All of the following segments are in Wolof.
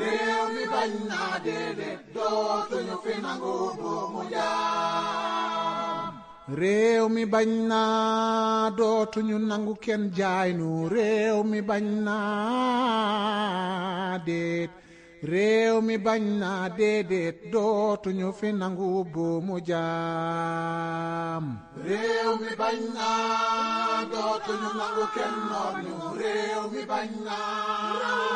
réew mi bañ naa déedéet dootuñu fi nangu buumu jaam réew mi bañ naa dootuñu nangu kenn jaay réew mi bañ naa déet réew dootuñu fi nangu buumu jaam réew mi bañ naa dootuñu nangu kenn noor réew mi bañ naa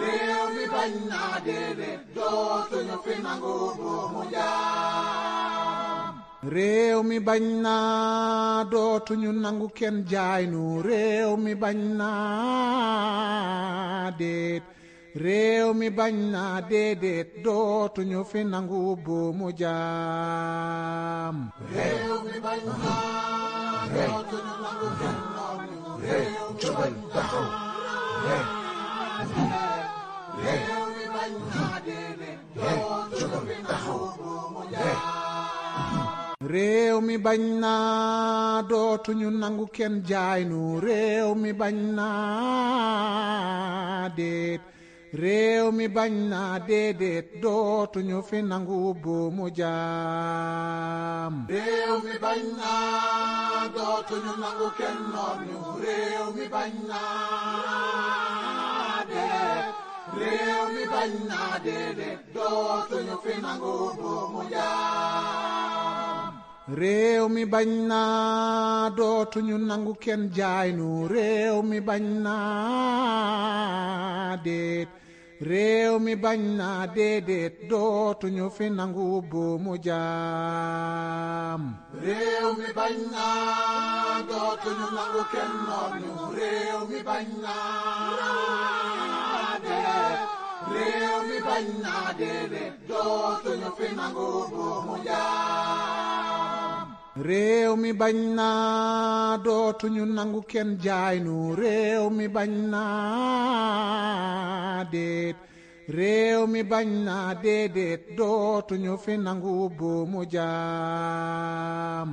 réew mi bañ naa déedéet dootuñu fi nangu buumu jaam réew mi bañ naa dootuñu nangu kenn jaay réew mi bañ naa déet réew dootuñu fi nangu buumu jaam réew mi bañ na dootuñu nangu kenn jaay nu mi bañ naa réew mi bañ naa déedéet dootuñu fi nangu buumu jaam. réew mi bañ naa déedéet dootuñu fi nangu buumu jaam réew mi bañ naa dootuñu nangu kenn jaay réew mi bañ naa déet réew dootuñu fi nangu buumu jaam réew mi bañ naa dootuñu nangu kenn noonu réew mi bañ naa réew mi bañ naa déedéet dootuñu fi nangu buumu jaam réew mi bañ naa dootuñu nangu kenn jaay réew mi bañ naa déet réew dootuñu fi nangu buumu jaam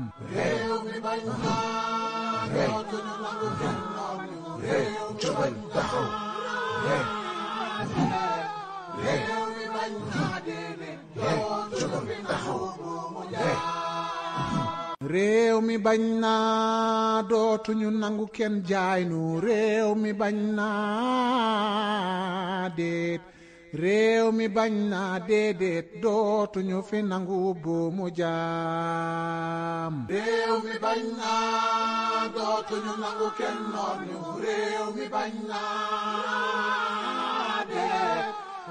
réew mi bañ naa dootuñu nangu kenn jaay nu réew mi bañ naa déet réew mi bañ na déedéet dootuñu fi nangu buumu jaam. réew mi bañ na dootuñu nangu kenn noonu réew mi bañ naa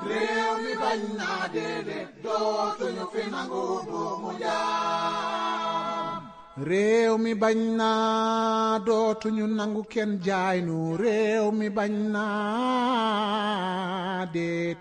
réew mi bañ naa déedéet dootuñu fi nangu buumu jaam. réew mi bañ naa dootuñu nangu kenn jaay nu réew mi bañ naa déet.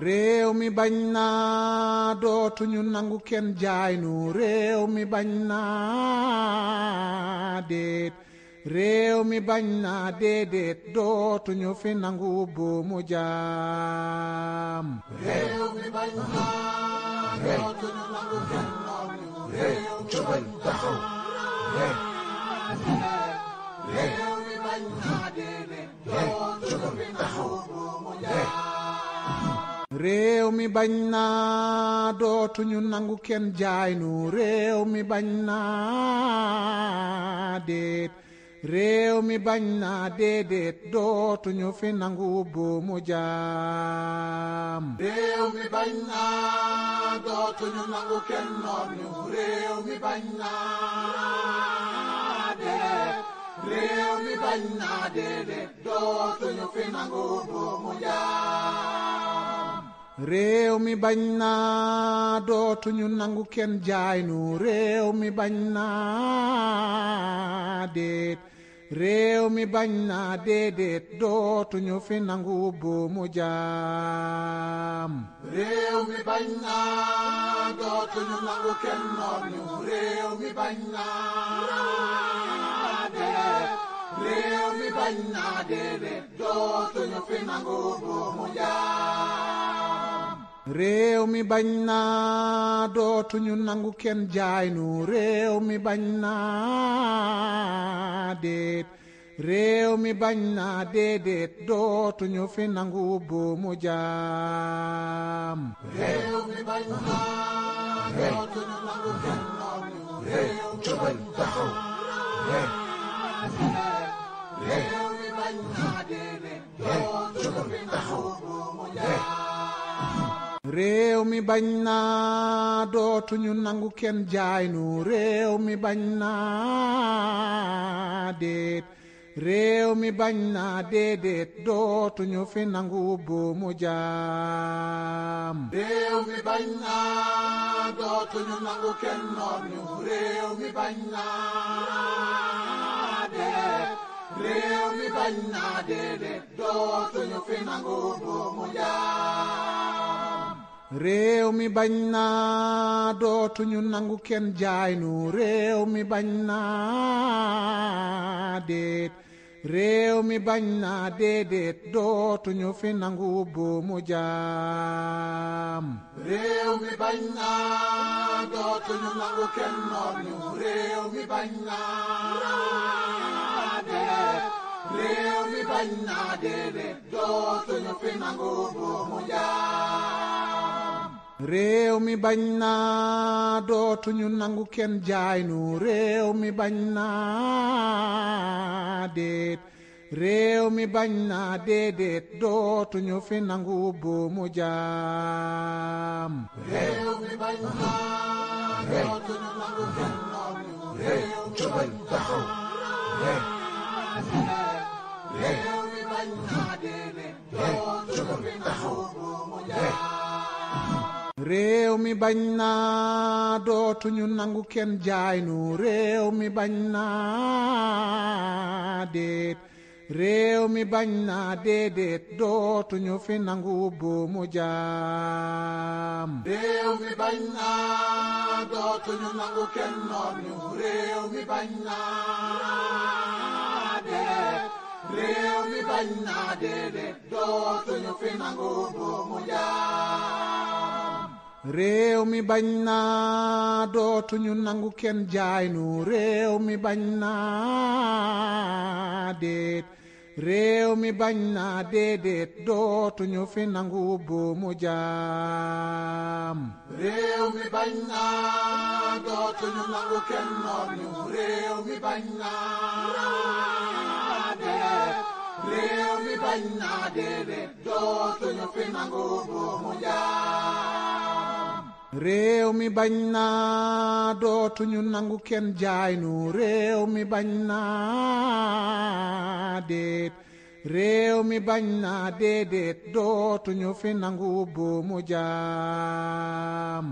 réew mi bañ naa dootuñu nangu kenn jaay nu réew mi bañ naa réew mi bañ naa déedéet dootuñu fi nangu buumu jaam. jaam. réew mi bañ naa dootuñu nangu kenn jaay nu réew mi bañ naa déet réew mi bañ naa déedéet dootuñu fi nangu buumu déet dootuñu fi nangu buumu jaam. réew mi bañ naa dootuñu nangu kenn jaay nu réew mi bañ naa déet réew mi bañ naa déedéet fi nangu buumu déet dootuñu fi nangu buumu jaam. réew mi bañ naa dootuñu nangu kenn jaay nu réew mi bañ naa réew mi bañ naa déedéet dootuñu fi nangu buumu jaam. jaam. réew mi bañ na dootuñu nangu kenn jaay nu réew mi bañ na déet réew mi bañ na déedéet fi nangu buumu jaam. déet dootuñu fi nangu buumu jaam. réew mi bañ naa dootuñu nangu kenn jaay nu réew mi bañ naa déet réew mi bañ naa déedéet dootuñu fi nangu buumu déet dootuñu fi nangu buumu jaam réew mi bañ naa dootuñu nangu kenn jaay nu réew mi bañ naa déet réew mi bañ naa déedéet dootuñu fi nangu buumu jaam. jaam. réew mi bañ naa dootuñu nangu kenn jaay nu réew mi bañ naa déet réew mi bañ naa déedéet dootuñu fi nangu buumu déet dootuñu fi nangu buumu jaam. réew mi bañ naa dootuñu nangu kenn jaay nu réew mi bañ naa déet réew mi bañ naa déedéet dootuñu fi nangu buumu déet dootuñu fi nangu buumu jaam. réew mi bañ naa dootuñu nangu kenn jaay nu réew mi bañ naa mi bañ naa déedéet dootuñu fi nangu buumu jaam.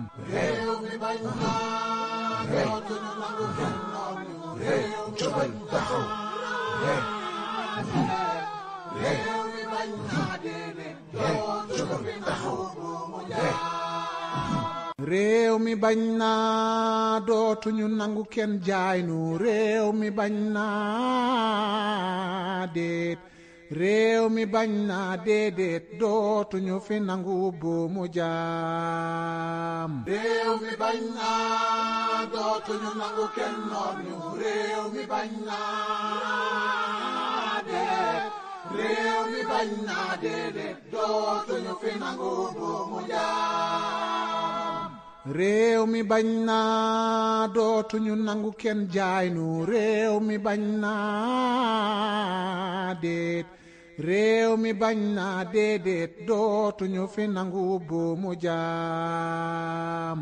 jaam. réew mi bañ naa dootuñu nangu kenn jaay nu réew mi bañ naa déet réew mi bañ naa déedéet fi nangu buumu déet dootuñu fi nangu buumu jaam. réew mi bañ naa dootuñu nangu kenn jaay nu réew mi bañ naa déet réew mi bañ naa déedéet fi nangu buumu déet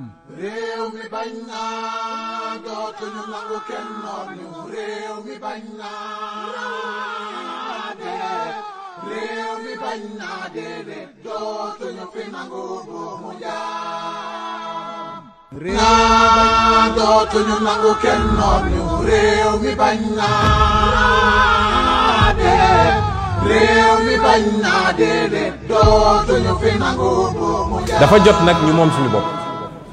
dootuñu fi nangu buumu jaam. naa dootuñu nangu kenn dafa jot nag ñu moom suñu bopp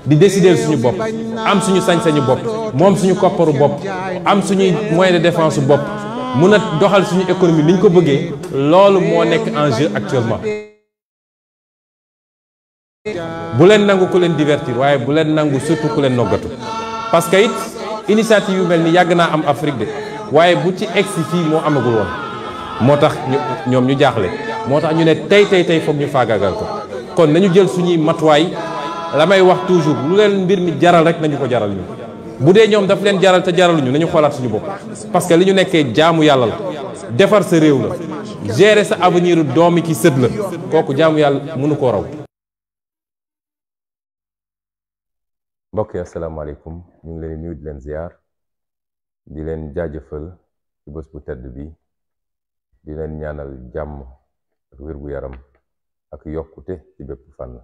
di décider suñu bopp am suñu sañ-sañu bopp moom suñu kopparu bopp am suñuy moyen de défense bopp mun a doxal suñu économie ni ñu ko bëggee loolu moo nekk enjeu actuellement bu leen nangu ku leen divertir waaye bu leen nangu surtout ku leen noggatu parce que it initiative yu mel ni yàgg naa am Afrique de waaye bu ci egsi fii moo amagul woon moo tax ñoom ñu jaaxle moo tax ñu ne tey tey tey foog ñu faagaagal ko kon nañu jël suñuy matuwaay la may wax toujours lu leen mbir mi jaral rek nañu ko jaral ñu bu dee ñoom daf leen jaral te jaraluñu nañu xoolaat suñu bopp parce que li ñu nekkee jaamu yàlla la defar sa réew la gérer sa avenir doomi ki sët la kooku jaamu yàlla mënu koo raw mbokk yi asalaamaaleykum ñu ngi leen nuyu di leen ziar di leen jaajëfal ci bés bu tedd bi di leen ñaanal jàmm ak wér-gu-yaram ak yokkute ci bépp fànn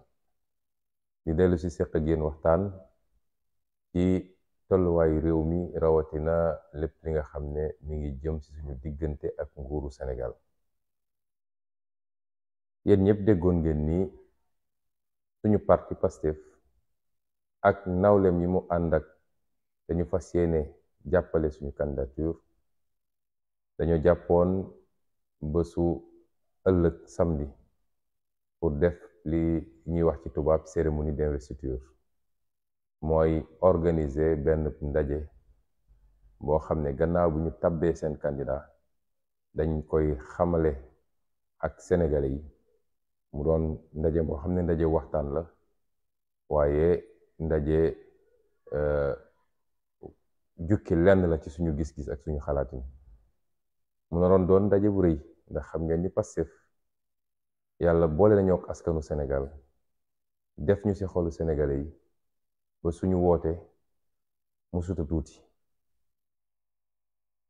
di dellu si seq ak waxtaan ci tolluwaayu réew mi rawatina lépp li nga xam ne mi ngi jëm ci suñu diggante ak nguuru Sénégal yéen ñëpp déggoon ngeen ni suñu parti Pastef ak nawlem yi mu ànd ak dañu fas yéene jàppale suñu candidature dañoo jàppoon bésu ëllëg samedi pour def li ñuy wax ci tubaab cérémonie d'investiture mooy organiser benn ndaje boo xam ne gannaaw bu ñu tabbee seen candidat dañ koy xamale ak sénégalais yi mu doon ndaje boo xam ne ndaje waxtaan la waaye ndaje euh, jukki lenn la ci suñu gis-gis ak suñu xalaatin mu naroon doon ndaje bu rëy ndax xam ngeen ni Pastef yàlla boole nañoo ak askanu senegal def ñu si xolu sénégalais yi ba suñu woote mu suta tuuti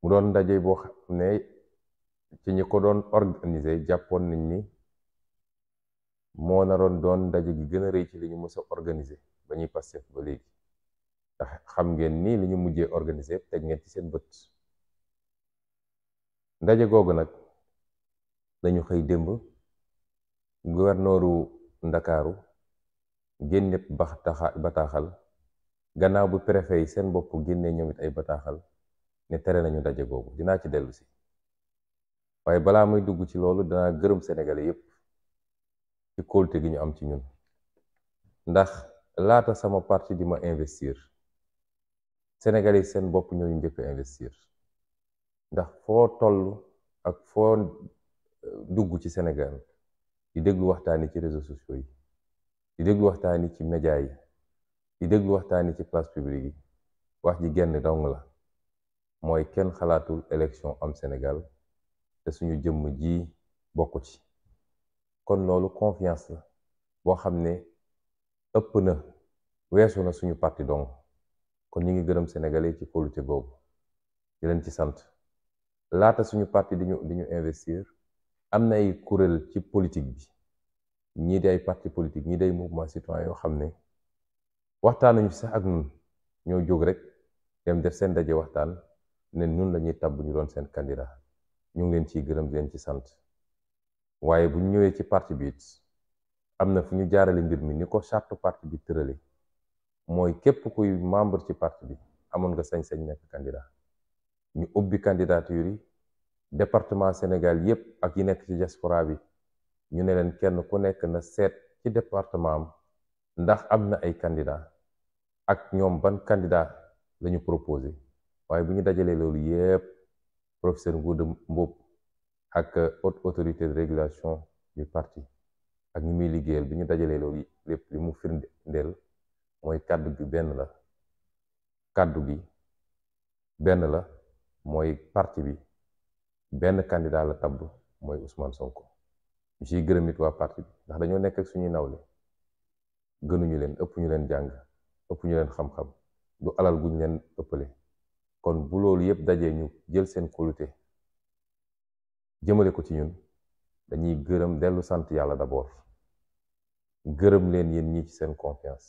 mu doon ndaje boo xam ne ci ñi ko doon organiser jàppoon nañ ñi moo naroon doon ndaje gi gën a rëy ci li ñu mës a organiser ba ñuy Pastef ba léegi ndax xam ngeen nii lu ñu mujjee organiser teg ngeen ci seen bët ndaje googu nag lañu xëy démb gouverneuru ndakaaru génne bataaxal gannaaw bu préfet yi seen bopp génnee ñoom ay bataaxal ne tere nañu ndaje googu dinaa ci dellusi waaye balaa muy dugg ci loolu danaa gërëm Sénégalais yépp ci kóolute gi ñu am ci ñun ndax laata sama parti di ma investir Sénégal yi seen bopp ñooñu njëkk investir ndax foo toll ak foo euh, dugg ci Sénégal di déglu waxtaan yi ci réseaux sociaux yi di déglu waxtaan yi ci média yi di déglu waxtaan yi ci place publique yi wax ji genn dong la mooy kenn xalaatul élection am Sénégal te suñu jëmm ji bokku ci kon loolu confiance la boo xam ne ëpp na weesu na suñu parti donc kon ñu ngi gërëm sénégalais ci kóolute boobu di leen ci sant laata suñu parti di ñu investir am na ay kuréel ci politique bi ñii di ay parti politique ñii day mouvement citoyen yoo xam ne waxtaanuñu sax ak ñun ñoo jóg rek dem def seen daje waxtaan ne ñun la ñuy tàbb ñu doon seen candidat ñu ngi leen ciy gërëm di leen ci sant waaye bu ñëwee ci parti biit am na fu ñu jaarale mbir mi ni ko charte parti bi tërale mooy képp kuy membre ci parti bi amoon nga sañ-sañ nekk candidat ñu ubbi candidature yi département Sénégal yépp ak yu nekk ci diaspora bi ñu ne leen kenn ku nekk na seet ci département am ndax am na ay candidat ak ñoom ban candidat lañu proposé waaye bu ñu dajalee loolu yépp professeur Ngouda Mboup ak haute autorité de régulation du parti ak ñi muy liggéeyal bi ñu dajalee loolu lépp li mu firndeel mooy kàddu gi benn la kàddu gi benn la mooy parti bi benn candidat la tabb mooy Ousmane Sonko ñu ciy gërëm it waa parti bi ndax dañoo nekk ak suñuy nawle gënuñu leen ëpp ñu leen jàng ëpp ñu leen xam-xam du alal guñ leen ëppale kon bu loolu yëpp dajee ñu jël seen kóolute jëmale ko ci ñun dañuy gërëm dellu sant yàlla d'abord gërëm leen yéen ñi ci seen confiance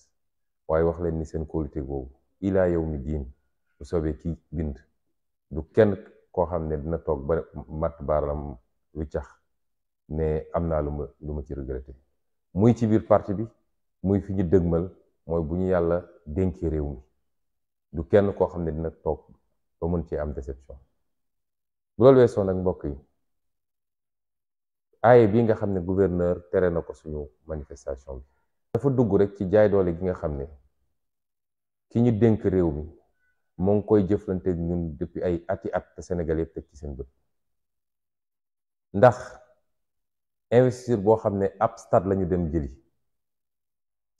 waaye wax leen ni seen qualité boobu ilaa yow mi diin bu soobee kii bind du kenn koo xam ne dina toog ba matt baaram wiccax ne am naa lu lu ma ci regretté muy ci biir parti bi muy fi ñu dëgmal mooy bu ñu yàlla dénkee réew mi du kenn koo xam ne dina toog ba mën am déception bu loolu weesoo nag mbokk yi aaye bii nga xam ne gouverneur tere na ko suñu manifestation bi dafa dugg rek ci jaay doole gi nga xam ne ki ñu dénk réew mi moo ngi koy jëflante ñun depuis ay ati at te Sénégal yëpp teg ci seen bët ndax investiture boo xam ne ab stade lañu dem jëli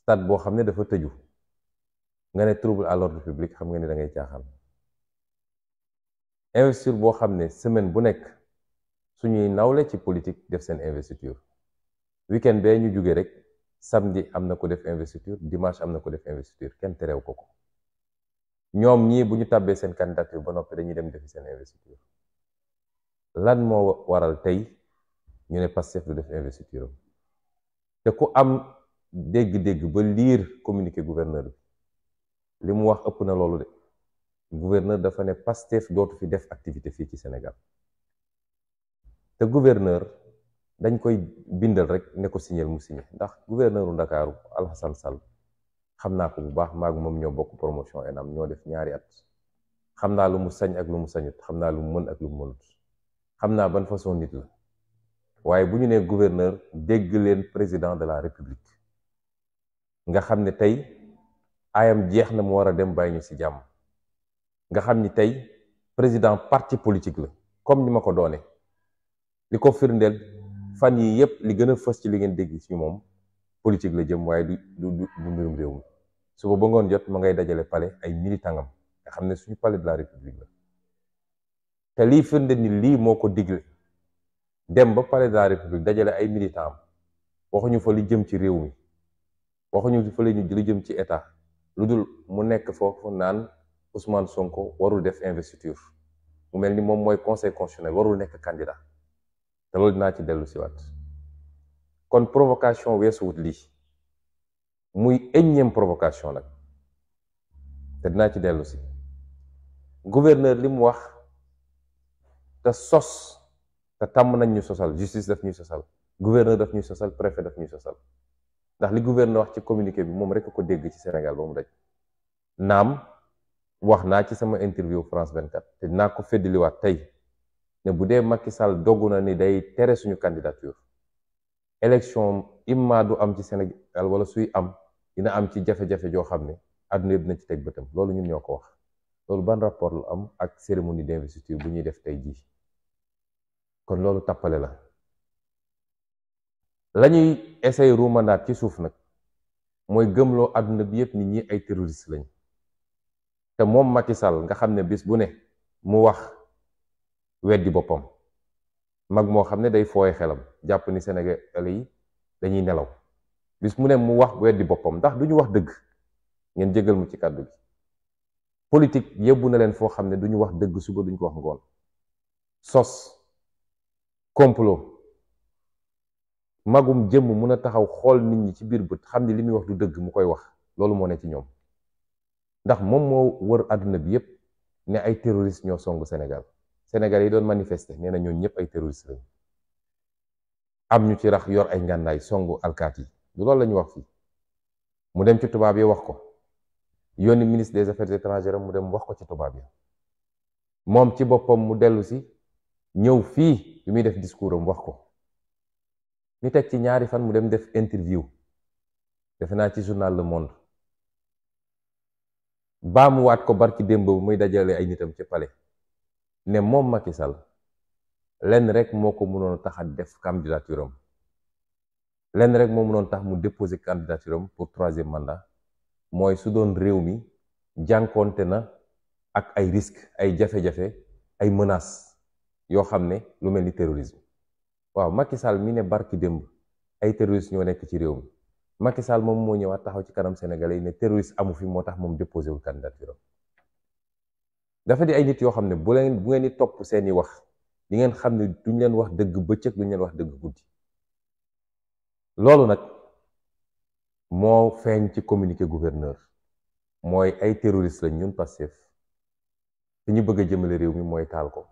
stade boo xam ne dafa tëju nga ne trouble à l'ordre public xam nga ne dangay ngay caaxaan investiture boo xam ne semaine bu nekk suñuy nawle ci politique def seen investiture weekend bee ñu jóge rek samedi am na ko def investiture dimanche am na ko def investiture kenn terew ko ko ñoom ñii bu ñu tàbbee seen candidature ba noppi dañuy dem defi seen investiture lan moo waral tey ñu ne Pastef du def investiture te ku am dégg-dégg ba liir communiqué gouverneur bi li mu wax ëpp na loolu de gouverneur dafa ne Pastef dootu fi def activité fii ci Sénégal te gouverneur dañ koy bindal rek ne ko signal mu signé ndax gouverneur u Ndakaaru Alhassane sal xam naa ko bu baax maag moom ñoo bokk promotion ENAM ñoo def ñaari at xam naa lu mu sañ ak lu mu sañut xam naa lu mu mën ak lu mu mënut xam naa ban façon nit la waaye bu ñu nee gouverneur dégg leen président de la république nga xam ne tey ayam jeex na mu war a dem bàyyi ñu ci jàmm nga xam ni tey président parti politique la comme ni ma ko doone li ko firndeel fan yii yëpp li gën a fës ci li ngeen dégg ci moom politique la jëm waaye du du du mbirum réew mi suba ba ngoon jot ma ngay dajale palais ay militant am nga xam ne suñu palais de république la te lii firnde ni lii moo ko digle dem ba palais de république dajale ay militant am waxuñu fa lu jëm ci réew mi waxuñu fa li jëm ci état lu dul mu nekk foofu naan Ousmane Sonko warul def investiture mu mel ni moom mooy conseil constitutionnel warul nekk candidat te loolu dinaa ci dellu siwaat kon provocation weesuwut lii muy énième provocation nag te dinaa ci dellu si gouverneur li mu wax te sos te tàmm nañ ñu sosal justice daf ñuy sosal gouverneur daf ñuy sosal préfet daf ñuy sosal ndax li gouverneur wax ci communiqué bi moom rek ko dégg ci Sénégal ba mu daj naam wax naa ci sama interview France 24 te dinaa ko feddaliwaat tey ne bu dee Macky Sall dogu na ni day tere suñu candidature élection imma du am ci Sénégal wala suy am dina am ci jafe-jafe joo xam ne àdduna yëpp dina ci teg bëtam loolu ñun ñoo ko wax loolu ban rapport lu am ak cérémonie d'investiture bu ñuy def tey jii kon loolu tappale la lañuy ñuy essayer ci suuf nag mooy gëmloo àdduna bi yëpp nit ñi ay terroriste lañ te moom makisal nga xam ne bis bu ne mu wax weddi boppam mag moo xam ne day fooy xelam jàpp ni Sénégalais yi dañuy nelaw bis mu ne mu wax weddi boppam ndax du ñu wax dëgg ngeen jégal mu ci kàddu bi politique yóbbu na leen foo xam ne du wax dëgg suba duñ ko wax ngoon sos complot magum jëmm mun a taxaw xool nit ñi ci biir bët xam ni li muy wax du dëgg mu koy wax loolu moo ne ci ñoom ndax moom moo wër àdduna bi yépp ne ay terroristes ñoo songu Sénégal Sénégalais yi doon manifester nee na ñoom ñëpp ay terroriste lañu am ñu ci rax yor ay ngànnaay songu alkaati yi du loolu la ñu wax fii mu dem ci tubaab yi wax ko yónni ministre des affaires étrangères mu dem wax ko ci tubaab yi moom ci boppam mu dellu si ñëw fii bi muy def discours am wax ko ñu teg ci ñaari fan mu dem def interview defe naa ci journal Le Monde baamuwaat ko barki démb bu muy dajale ay nitam ci pale ne moom Macky Sall lenn rek moo ko mënoon tax a def candidature am lenn rek moo mënoon tax mu déposer candidature am pour troisième mandat mooy su doon réew mi jànkoonte na ak ay risques ay jafe-jafe ay menaces yoo xam ne lu mel ni terrorisme waaw Macky Sall mi ne barki démb ay terroristes ñoo nekk ci réew mi Macky Sall moom moo ñëwaat taxaw ci kanam Sénégalais yi ne terroriste amu fi moo tax moom déposé wul candidature dafa di ay nit yoo xam ne bu leen bu ngeen topp seeni wax di ngeen xam ne duñ leen wax dëgg bëccëg duñ leen wax dëgg guddi loolu nag moo feeñ ci communiqué gouverneur mooy ay terroriste lañ ñun Pastef fi ñu bëgg a jëmale réew mi mooy taal ko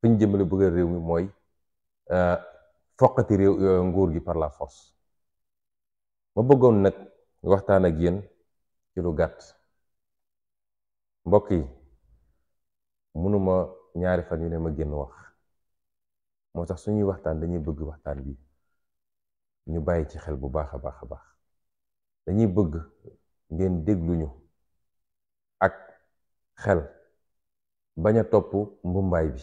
fi ñu jëmale bëgg réew mi mooy euh, foqati réew euh, nguur gi par la force ma bëggoon nag waxtaan ak yéen ci lu gàtt mbokk yi mënuma ñaari fan yu ne ma génn wax moo tax suñuy waxtaan dañuy bëgg waxtaan bi ñu bàyyi ci xel bu baax a baax a baax dañuy bëgg ngeen dégluñu ak xel bañ a topp mbumbaay bi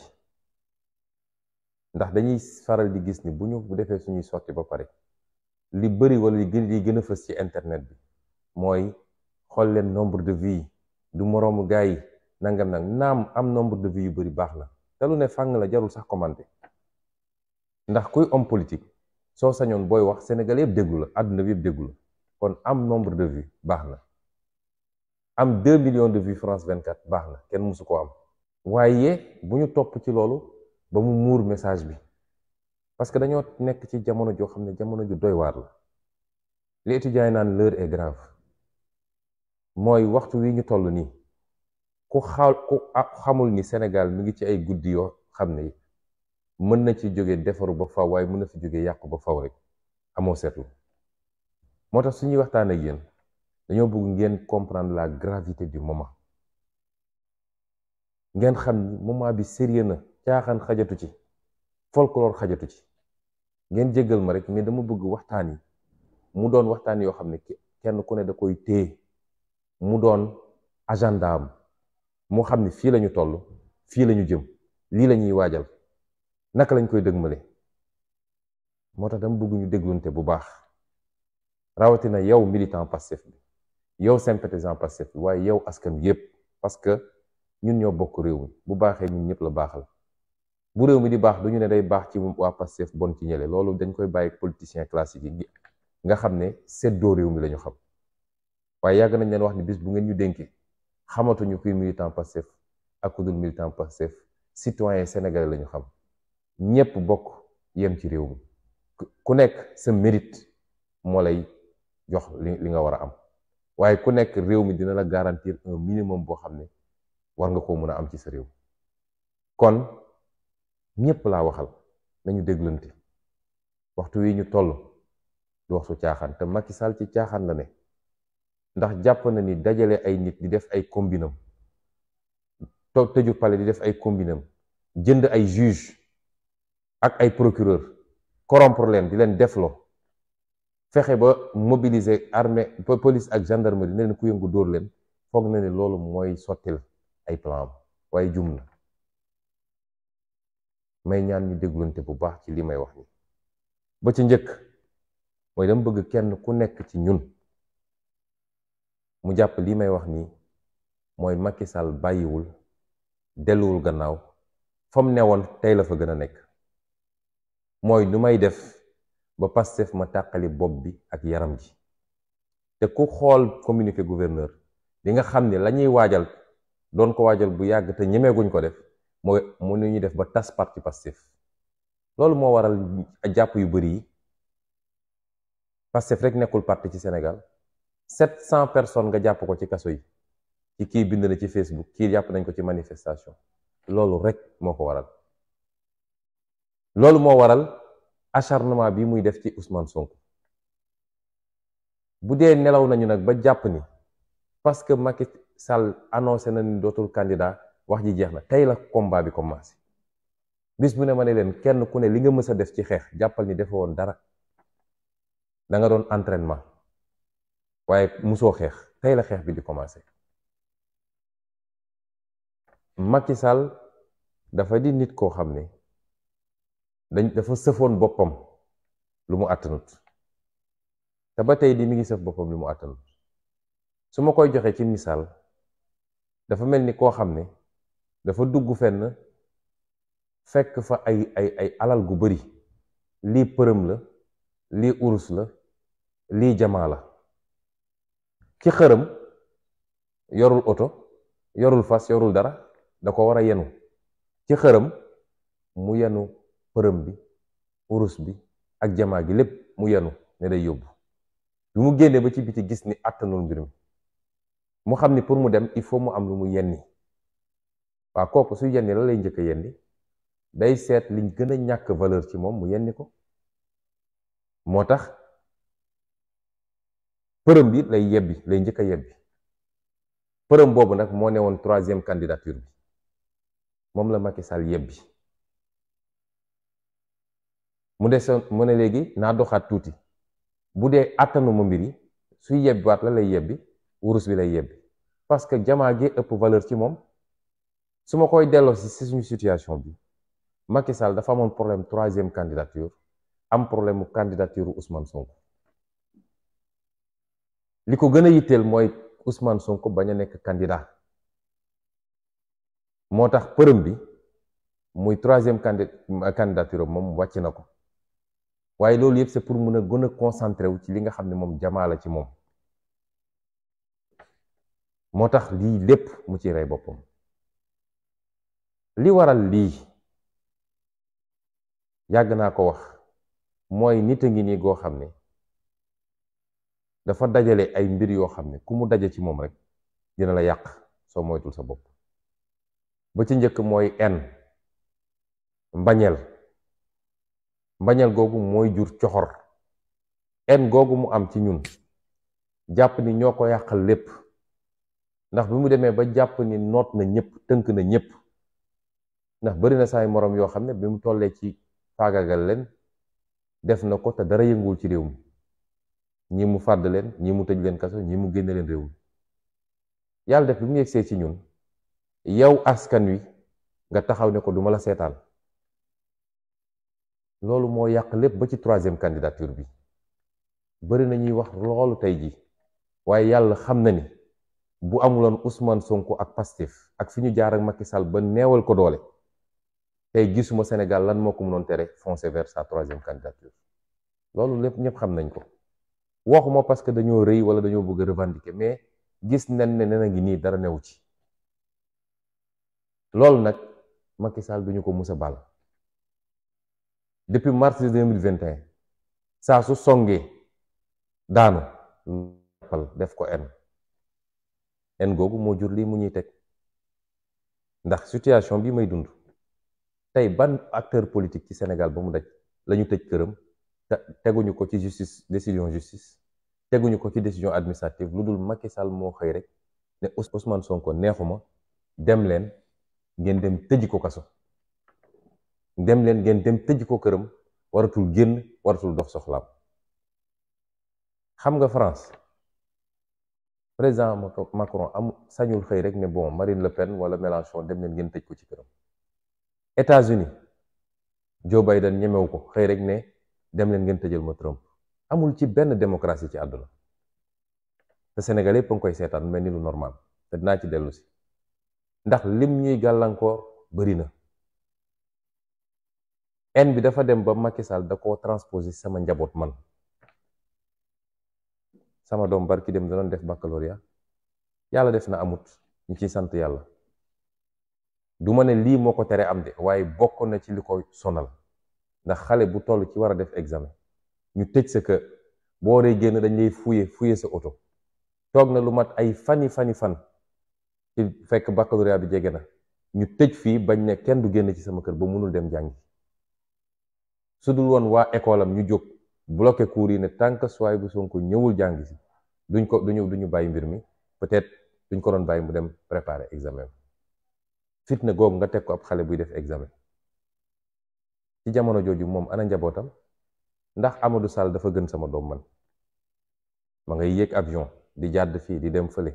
ndax dañuy faral di gis ni bu ñu defee suñuy sotti ba pare li bëri wala li gën a fës ci internet bi mooy xool leen nombre de vie du moroomu gaa yi nangam nag naam am nombre de vues yu bëri baax na te lu ne fàng la jarul sax commenté ndax kuy homme politique soo sañoon booy wax Sénégal yëpp déglu la àdduna bi yëpp déglu la kon am nombre de vues baax na am 2 millions de vues France 24 baax na kenn mësu ko am waaye bu ñu topp ci loolu ba mu muur message bi parce que dañoo nekk ci jamono joo xam ne jamono ju doy waar la li étudiants yi naan l'heure est grave mooy waxtu wi ñu toll nii. ku xaw xamul ni Sénégal mi ngi ci ay guddi yoo xam ne mën na ci jóge defaru ba faw waaye mën na fi jóge yàqu ba faw rek amoo seetlu moo tax su ñuy waxtaan ak yéen dañoo bugg ngeen comprendre la gravité du moment ngeen xam ni moment bi sérieux na caaxaan xajatu ci folklore xajatu ci ngeen jéggal ma rek mais dama bëgg waxtaan yi mu doon waxtaan yoo xam ne kenn ku ne da koy téye mu doon agenda am mu xam ne fii lañu toll fii la ñu jëm lii la ñuy waajal naka lañ koy dëgmale moo tax dama bëgg ñu déglunte bu baax rawatina yow militant Pastef bi yow sympathisant Pastef bi waaye yow askan wi yëpp parce que ñun ñoo bokk réew mi bu baaxee ñun ñëpp la baaxal bu réew mi di baax du ñu ne day baax ci waa Pastef bon ci ñële loolu dañ koy bàyyi politicien classique yi nga xam ne seddoo réew mi la ñu xam waaye yàgg nañ leen wax ni bis bu ngeen ñu dénkee xamatuñu kuy militant Pastef ak ku dul militant Pastef citoyen sénégalais la ñu xam ñépp bokk yem ci réew mi ku nekk sa mérite moo lay jox li li nga war a am waaye ku nekk réew mi dina la garantir un minimum boo xam ne war nga koo mën a am ci sa réew kon ñépp laa waxal nañu déglante waxtu wi ñu toll du wax su caaxaan te Macky ci caaxaan la ne ndax jàpp na ni dajale ay nit di def ay combinam toog tëju palais di def ay combinam jënd ay juge ak ay procureur corrompre leen di leen defloo fexe ba mobiliser armée police ak gendarmerie ne leen ku yëngu dóor leen foog na ne loolu mooy sottil ay plan am waaye jum na may ñaan ñu déglunte bu baax ci li may wax ni ba ci njëkk mooy dama bëgg kenn ku nekk ci ñun mu jàpp lii may wax nii mooy makki Sall bàyyiwul delluwul gannaaw fa mu newoon tey la fa gën a nekk mooy nu may def ba Pastef ma tàqali bopp bi ak yaram ji te ku xool communiqué gouverneur li nga xam ni la ñuy waajal doon ko waajal bu yàgg te ñemeeguñ ko def mooy mu nu ñu def ba tas parti Pastef loolu moo waral jàpp yu bari yi Pastef rek nekkul parti ci Sénégal sept cent personnes nga jàpp ko ci kaso yi ci kii bind na ci Facebook kii jàpp nañ ko ci manifestation loolu rek moo ko waral loolu moo waral acharnement bi muy def ci Ousmane Sonko bu dee nelaw nañu nag ba jàpp ni parce que Macky Sall annoncé na ni dootul candidat wax ji jeex na tey la combat bi commencé bis bu ne ma ne leen kenn ku ne li nga mës a def ci xeex jàppal ni defe woon dara da nga doon entraînement waaye musoo xeex tey la xeex bi di commencé Macky Sall dafa di nit koo xam ne dañ dafa sëfoon boppam lu mu àttanut te ba tey di mi ngi sëf boppam lu mu àttanut su ma koy joxee ci misaal dafa mel ni koo xam ne dafa dugg fenn fekk fa ay ay ay alal gu bari lii përëm la lii urus la lii jamaa la ki xërëm yorul oto yorul fas yorul dara da ko war a yenu ci xërëm mu yenu përëm bi urus bi ak jamaa gi lépp mu yenu ne day yóbbu bi mu génnee ba ci biti gis ni àttanul mbir mu xam ni pour mu dem il faut mu am lu mu yenni waa kooku su yenni la lay njëkk yenni day seet liñ gën a ñàkk valeur ci moom mu yenni ko moo tax përëm bi lay yebbi lay njëkk a yebbi përëm boobu nag moo ne woon troisième candidature bi moom la Macky Sall yebbi mu desoon mu ne léegi naa doxaat tuuti bu dee attanuma mbir yi suy yebbiwaat la lay yebbi wurus bi lay yebbi parce que jamaa gi ëpp valeur ci moom su ma koy delloo si suñu situation bi Macky Sall dafa amoon problème troisième candidature am problème mu candidature Ousmane Sonko. li ko gën a yitteel mooy Ousmane Sonko bañ a nekk candidat moo tax përëm bi muy troisième euh, candidature moom wàcc na ko waaye loolu yëpp c'est pour mën a gën a concentré wu ci li nga xam ne moom jamaa la ci moom moo tax lii lépp mu ci rey boppam li waral lii yàgg naa ko wax mooy nit a ngi nii goo xam ne dafa dajale ay mbir yoo xam ne ku mu daje ci moom rek dina la yàq soo moytul sa bopp ba ci njëkk mooy en mbañeel mbañeel googu mooy jur coxor en googu mu am ci ñun jàpp ni ñoo ko yàqal lépp ndax bi mu demee ba jàpp ni noot na ñëpp tënk na ñëpp ndax bari na saay moroom yoo xam ne bi mu tollee ci faagagal leen def na ko te dara yënguwul ci réew mi ñi mu fàdd leen ñii mu tëj leen kaso ñii mu génn leen réew mi yàlla def bi mu yegsee ci ñun yow askan wi nga taxaw ne ko duma la seetaan loolu moo yàq lépp ba ci troisième candidature bi bari na ñuy wax loolu tey ji waaye yàlla xam na ni bu amuloon Ousmane Sonko ak pastif ak fi ñu jaar ak Macky Sall ba neewal ko doole tey gisuma Sénégal lan moo ko mënoon tere foncer vers sa troisième candidature loolu lépp ñëpp xam nañ ko waxuma parce que dañoo rëy wala dañoo bëgg a mais gis nen ne nen a ngi nii dara newu ci loolu nag Macky Sall duñu ko mus a baal depuis mars deux mille vingt et saa su songee daanu def ko en en googu moo jur lii mu ñuy teg ndax situation bi may dund tey ban acteur politique ci Sénégal ba mu daj lañu tëj këram teguñu ko ci justice décision justice teguñu ko ci décision administrative lu dul Macky Sall moo xëy rek ne Ousmane Sonko neexuma dem leen ngeen dem tëj ko kaso dem leen ngeen dem tëj ko këram waratul génn waratul dox soxlaam xam nga France président Macron am sañul xëy rek ne bon Marine Le Pen wala Mélenchon dem leen ngeen tëj ko ci këram États-Unis Joe Biden ñemewu ko xëy rek ne. dem leen ngeen tëjal ma Trump amul ci benn démocratie ci àdduna te Sénégal yëpp a ngi koy seetaan mel ni lu normal te dinaa ci dellu si ndax lim ñuy gàllankoor bëri na en bi dafa dem ba Macky Sall da ko transposé sama njaboot man sama doom barki dem da doon def baccalauréat yàlla def na amut ñu ciy sant yàlla du ma ne lii moo ko tere am de waaye bokk na ci li ko sonal ndax xale bu toll ci war a def examen ñu tëj sa kër boo dee génn dañ lay fuye fuye sa oto toog na lu mat ay fani fani fan ci fekk baccalauréat bi jege na ñu tëj fii bañ ne kenn du génn ci sama kër ba mënul dem jàngi su dul woon waa école am ñu jóg bloqué cours yi ne tant que Souhaïbou bu Sonko ñëwul jàngi si duñ ko duñu duñu bàyyi mbir mi peut-être duñ ko doon bàyyi mu dem préparer examen fitna googu nga teg ko ab xale buy def examen ci jamono jooju moom ana njabootam ndax Amadou Sall dafa gën sama doom man ma ngay yéeg avion di jàdd fii di dem fële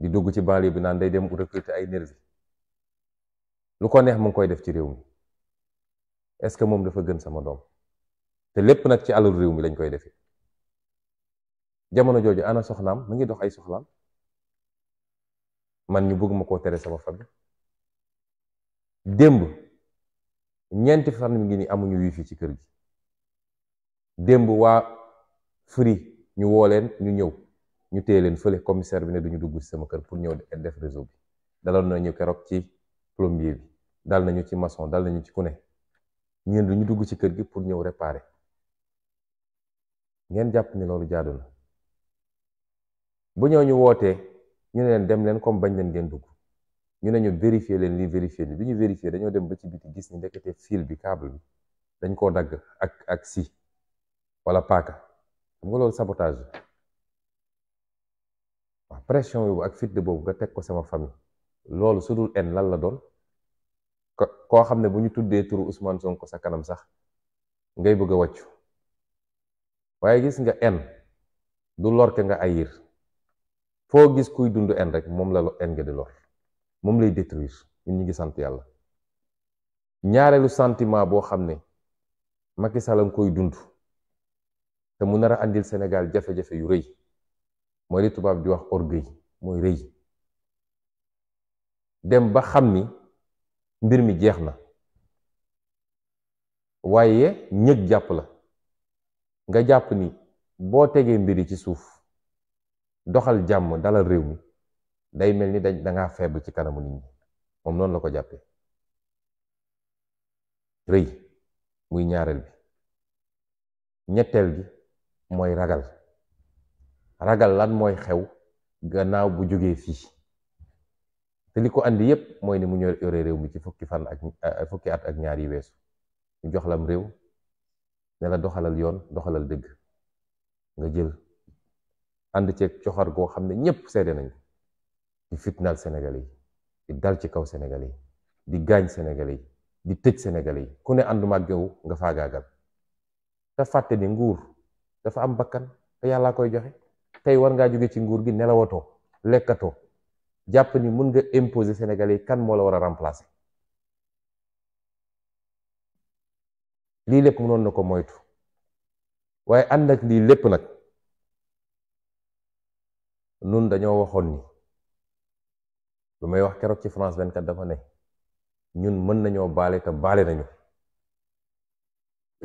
di dugg ci banlieue bi naan day dem recruter ay nervi lu ko neex mu ngi koy def ci réew mi est-ce que moom dafa gën sama doom te lépp nag ci alalu réew mi lañ koy defee jamono jooju ana soxnaam mu ngi dox ay soxlaam man ñu bëgg ma koo tere sama famille démb ñeenti fan mi ngi ni amuñu wifi ci kër gi démb waa Free ñu woo leen ñu ñëw ñu téye leen fële commissaire bi ne duñu dugg ci sama kër pour ñëw def réseau bi daloon nañu keroog ci plombier bi dal nañu ci maçon dal nañu ci ku ne ñeen duñu dugg ci kër gi pour ñëw réparer ngeen jàpp ni loolu jaadu na bu ñëw ñu wootee ñu ne leen dem leen comme bañ leen ngeen dugg ñu ne ñu vérifier leen li vérifier bi ñu vérifier dañoo dem ba ci biti gis ni ndekete fil bi câble bi dañ koo dagg ak ak si walla paaka xam nga loolu sabotage waaw pression boobu ak fit de boobu nga teg ko sama famille loolu su dul en lan la doon koo xam ne bu ñu tuddee turu Ousmane Sonko sa kanam sax ngay bëgg a wàccu waaye gis nga en du lor ke nga ayir foo gis kuy dund en rek moom la en nga di lor moom lay détruire ñun ñu ngi sant yàlla ñaareelu santiment boo xam ne Macky Sall a koy dund te mu nar àndil senegal jafe-jafe yu rëy mooy li tubaab di wax orgueil mooy rëy dem ba xam ni mbir mi jeex na waaye ñëg jàpp la nga jàpp ni boo tegee mbir yi ci suuf doxal jàmm dalal réew mi day mel ni dañ dangaa faible ci kanamu nit ñi moom noonu la ko jàppee rëy muy ñaareel bi ñetteel gi mooy ragal ragal lan mooy xew gannaaw bu jógee fii te li ko andi yépp mooy ni mu ñor yore réew mi ci fukki fan ak eh, fukki at ak ñaar yi weesu ñu jox réew ne doxalal yoon doxalal dëgg nga jël ànd ceeg coxar goo xam ne ñépp seede nañ ko di fitnaal Sénégalais yi di dal ci kaw Sénégalais yi di gaañ Sénégalais yi di tëj Sénégalais yi ku ne ànduma ak yow nga faagaagal te fàtte ni nguur dafa am bakkan te yàllaa koy joxe tey war ngaa jóge ci nguur gi nelawatoo lekkatoo jàpp ni mun nga imposer Sénégalais yi kan moo la war a remplacer lii lépp mënoon na ko moytu waaye ànd ak lii lépp nag nun dañoo waxoon ni lu may wax keroog ci France 24 dafa ne ñun mën nañoo baale te baale nañu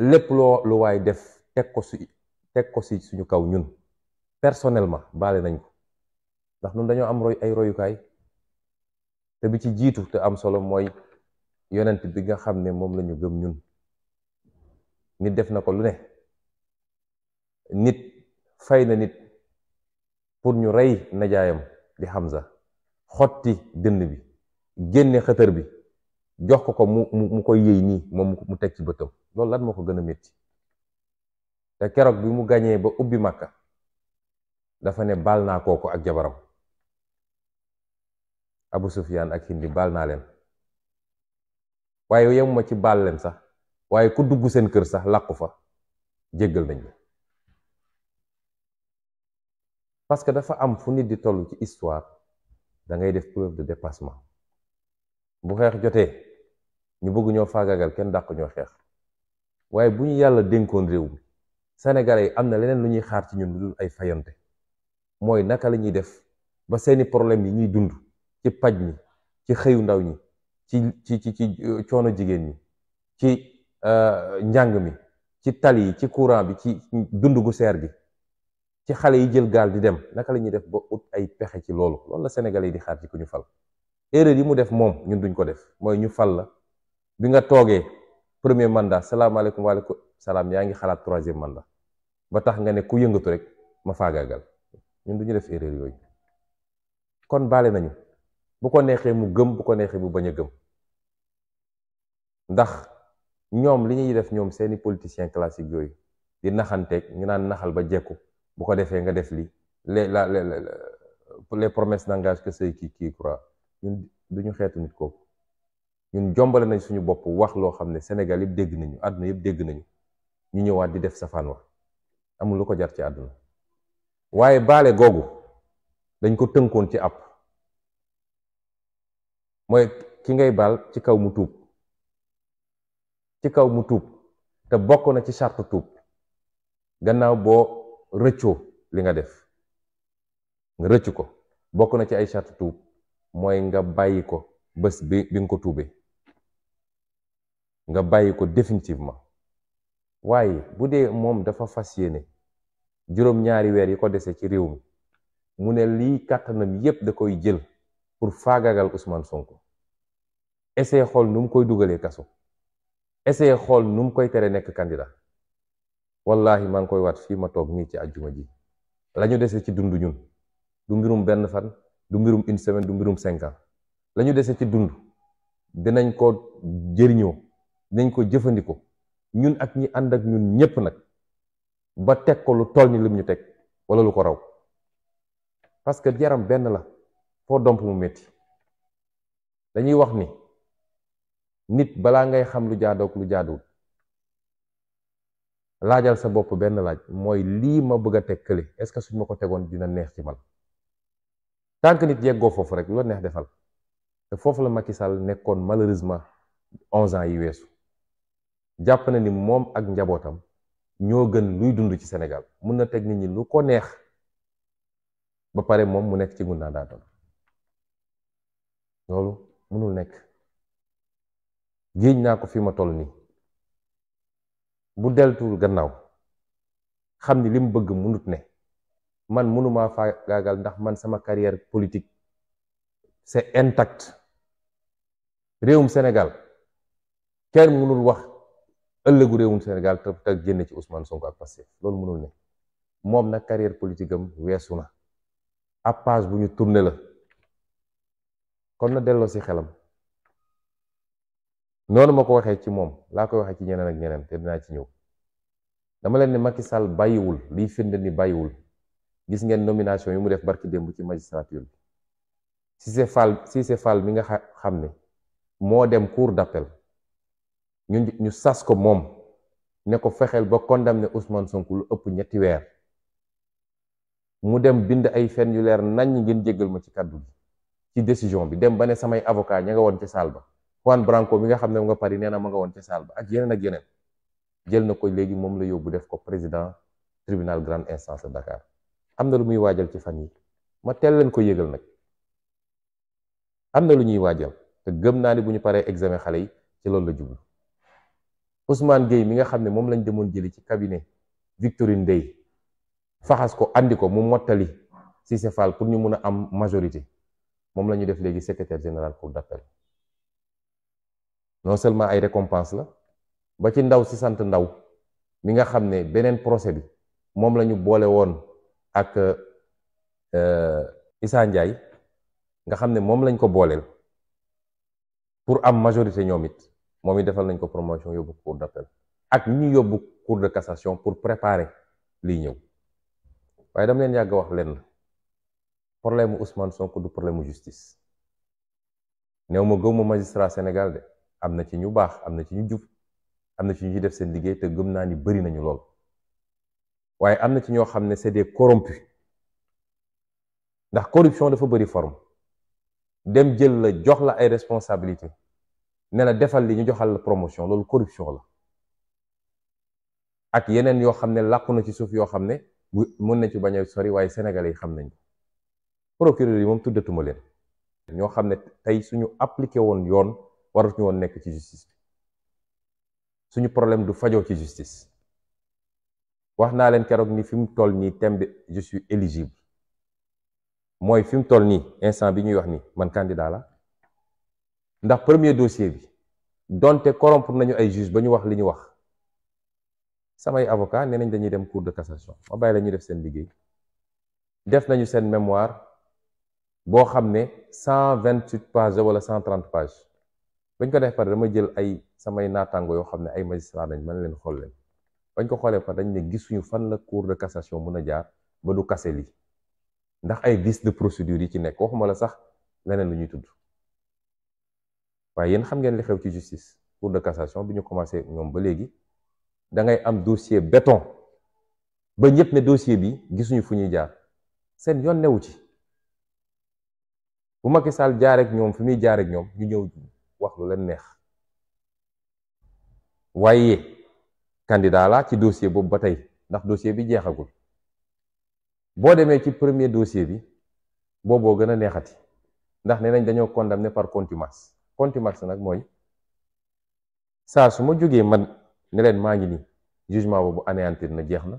lépp loo lu waay def teg ko si teg ko si suñu kaw ñun personnellement baale nañ ko ndax ñun dañoo am roy ay royukaay te bi ci jiitu te am solo mooy yonent bi nga xam ne moom lañu gëm ñun nit def na ko lu ne nit fay na nit pour ñu rey najaayam di Hamza xotti dënn bi génne xëtër bi jox ko ko mu mu koy yëy nii moom mu teg ci bëtam loolu lan moo ko gën a metti te keroog bi mu gañee ba ubbi màkka dafa ne baal naa kooku ak jabaram Abu Sufyaan ak Hindi baal naa leen waaye yemuma ci baal leen sax waaye ku dugg seen kër sax làqu fa jéggal nañ parce que dafa am fu nit di toll ci histoire da ngay def preuve de dépassement bu xeex jotee ñu bëgg ñoo faagaagal kenn dàq ñoo xeex waaye bu ñu yàlla dénkoon réew mi Sénégalais yi am na leneen lu ñuy xaar ci ñun lu ay fayante mooy naka lañuy def ba seeni problème yi ñuy dund ci paj mi ci xëyu ndaw ñi ci ci ci ci euh, coono jigéen ñi ci euh, njàng mi ci tali yi ci courant bi ci dund gu seer gi ci xale yi jël gaal di dem naka la ñuy def ba ut ay pexe ci loolu loolu la Sénégalais yi di xaar ci ku ñu fal erreur yi mu def moom ñun duñ ko def mooy ñu fal la bi nga toogee premier mandat salaamaaleykum waaleykum salaam yaa ngi xalaat troisième mandat ba tax nga ne ku yëngatu rek ma faagaagal ñun du ñu def éréer yooyu kon baale nañu bu ko neexee mu gëm bu ko neexee mu bañ a gëm ndax ñoom li ñuy def ñoom seeni politiciens classiques yooyu di naxanteek ñu naan naxal ba jekku bu ko defee nga def li les la les promesses d'engagement que ceux qui qui croient ñun duñu xeetu nit kooku ñun jombale nañ suñu bopp wax loo xam ne Sénégal yëpp dégg nañu àdduna yëpp dégg nañu ñu ñëwaat di def safaan wax amul lu ko jar ci àdduna waaye baale googu dañ ko tënkoon ci àpp mooy ki ngay baal ci kaw mu tuub ci kaw mu tuub te bokk na ci charte tuub gannaaw boo rëccoo li nga def nga rëcc ko bokk na ci ay charte tuub mooy nga bàyyi ko bés bi bi nga ko tuubee nga bàyyi ko définitivement waaye bu dee moom dafa fas yéene juróom-ñaari weer yi ko desee ci réew mi mu ne lii kàttanam yépp da koy jël pour faagagal Ousmane Sonko essayé xool nu mu koy dugalee kaso essayé xool nu mu koy tere nekk candidat wallahi maa ngi koy waat fii ma toog nii ci àjjuma ji la ñu dese ci dund ñun du mbirum benn fan du mbirum une semaine du mbirum cinq lañu desee ci dund dinañ ko jëriñoo dinañ ko jëfandikoo ñun ak ñi ànd ak ñun ñépp nag ba teg ko lu toll ni lim ñu teg wala lu ko raw parce que yaram benn la foo domp mu metti dañuy wax ni nit balaa ngay xam lu jaadoog lu jaaduwul laajal sa bopp benn laaj mooy lii ma bëgg a teg kële est ce que suñ ma ko tegoon dina neex ci man tant que nit yeggoo foofu rek loo neex defal te foofu la Macky Sall nekkoon malheureusement onze ans yi weesu jàpp na ni moom ak njabootam ñoo gën luy dund ci senegal mun na teg nit ñi lu ko neex ba pare moom mu nekk ci mun naa daatam loolu mënul nekk géej naa ko fi ma toll nii bu deltuwul gannaaw xam ni li mu bëgg munut ne man mënumaa faagaagal ndax man sama carrière politique c'est intact réewum Sénégal kenn mënul wax ëllëgu réewum Sénégal te te génne ci Ousmane Sonko ak Pastef loolu mënul ne moom nag carrière politique am weesu na ab page bu ñu tourné la kon na delloo si xelam noonu ma ko waxee ci moom laa koy waxee ci ñeneen ak ñeneen te dinaa ci ñëw dama leen ne Macky Sall bàyyiwul liy firnde ni bàyyiwul gis ngeen nomination yi mu def barki démb ci magistrature bi Cissé Fall Cissé Fall mi nga xam ne moo dem cour d'appel ñu sas ko moom ne ko fexeel ba condamné Ousmane Sonko lu ëpp ñetti weer mu dem bind ay fen yu leer nañ ngeen jéggal ma ci kàddu gi ci décision bi dem ba ne samay avocat ña nga woon ci salle ba Juan Branco mi nga xam ne mu nga Paris nee na ma nga woon ca saal ba ak yeneen ak yeneen jël na ko léegi moom la yóbbu def ko président tribunal grande instance de Dakar am na lu muy waajal ci fan yi ma teel leen ko yëgal nag am na lu ñuy waajal te gëm naa ne bu ñu paree examen xale yi ci loolu la jublu Ousmane Gueye mi nga xam ne moom lañ demoon jëli ci cabinet Victorine Ndeye faxas ko andi ko mu mottali Cissé Fall pour ñu mun a am majorité moom la ñu def léegi secrétaire général cour d'appel non seulement ay récompense la ba ci ndaw si sant ndaw mi nga xam ne beneen procès bi moom la ñu boole woon ak euh, Issa Ndiaye nga xam ne moom lañ ko booleel pour am majorité ñoom it moom it defal nañ ko promotion yóbbu cour d'appel ak ñu yóbbu cour de cassation pour préparer lii ñëw waaye dama leen yàgg wax leen problème mu Ousmane Sonko du problème mu justice néew ma gëw ma magistrat Sénégal de. am na ci ñu baax am na ci ñu jub am na ci ñu def seen liggéey te gëm naa ni bëri nañu lool waaye am na ci ñoo xam ne c'est des corrompus ndax corruption dafa bëri forme dem jël la jox la ay responsabilité ne la defal li ñu joxal la promotion loolu corruption la ak yeneen yoo xam ne làqu na ci suuf yoo xam ne mën na ci bañ a sori waaye sénégalais yi xam nañ ko procureur yi moom tuddatuma leen ñoo xam ne tey suñu appliqué woon yoon waratuñu woon nekk ci justice bi suñu problème du fajoo ci justice wax naa leen keroog ni fi mu toll nii thème bi je éligible mooy fi mu toll nii instant bi ñuy wax ni man candidat la ndax premier dossier bi donte corrompre nañu ay juge ba ñu wax li ñu wax samay avocat nee nañ dañuy dem cour de cassation ma bàyyi la def seen liggéey def nañu seen mémoire boo xam ne cent vingt huit pages wala cent trente pages bañ ko def pare dama jël ay samay naataango yoo xam ne ay magistrat lañ mën leen xool leen bañ ko xoolee pare dañ ne gisuñu fan la cour de cassation mën a jaar ba du kase lii ndax ay vices de procédure yi ci nekk waxuma la sax leneen lu ñuy tudd waaye yéen xam ngeen li xew ci justice cour de cassation bu ñu commencé ñoom ba léegi da ngay am dossier béton ba ñëpp ne dossier bi gisuñu fu ñuy jaar seen yoon newu ci bu mag Sall jaar ak ñoom fu muy jaar ak ñëw wax lu leen neex waaye candidat laa ci dossier boobu ba tey ndax dossier bi jeexagul boo demee ci premier dossier bi boobu boo gën a neexati ndax nee nañ dañoo condamné par contimence contumace nag mooy saa su ma jógee man ne leen maa ngi nii jugement boobu anéantir na jeex na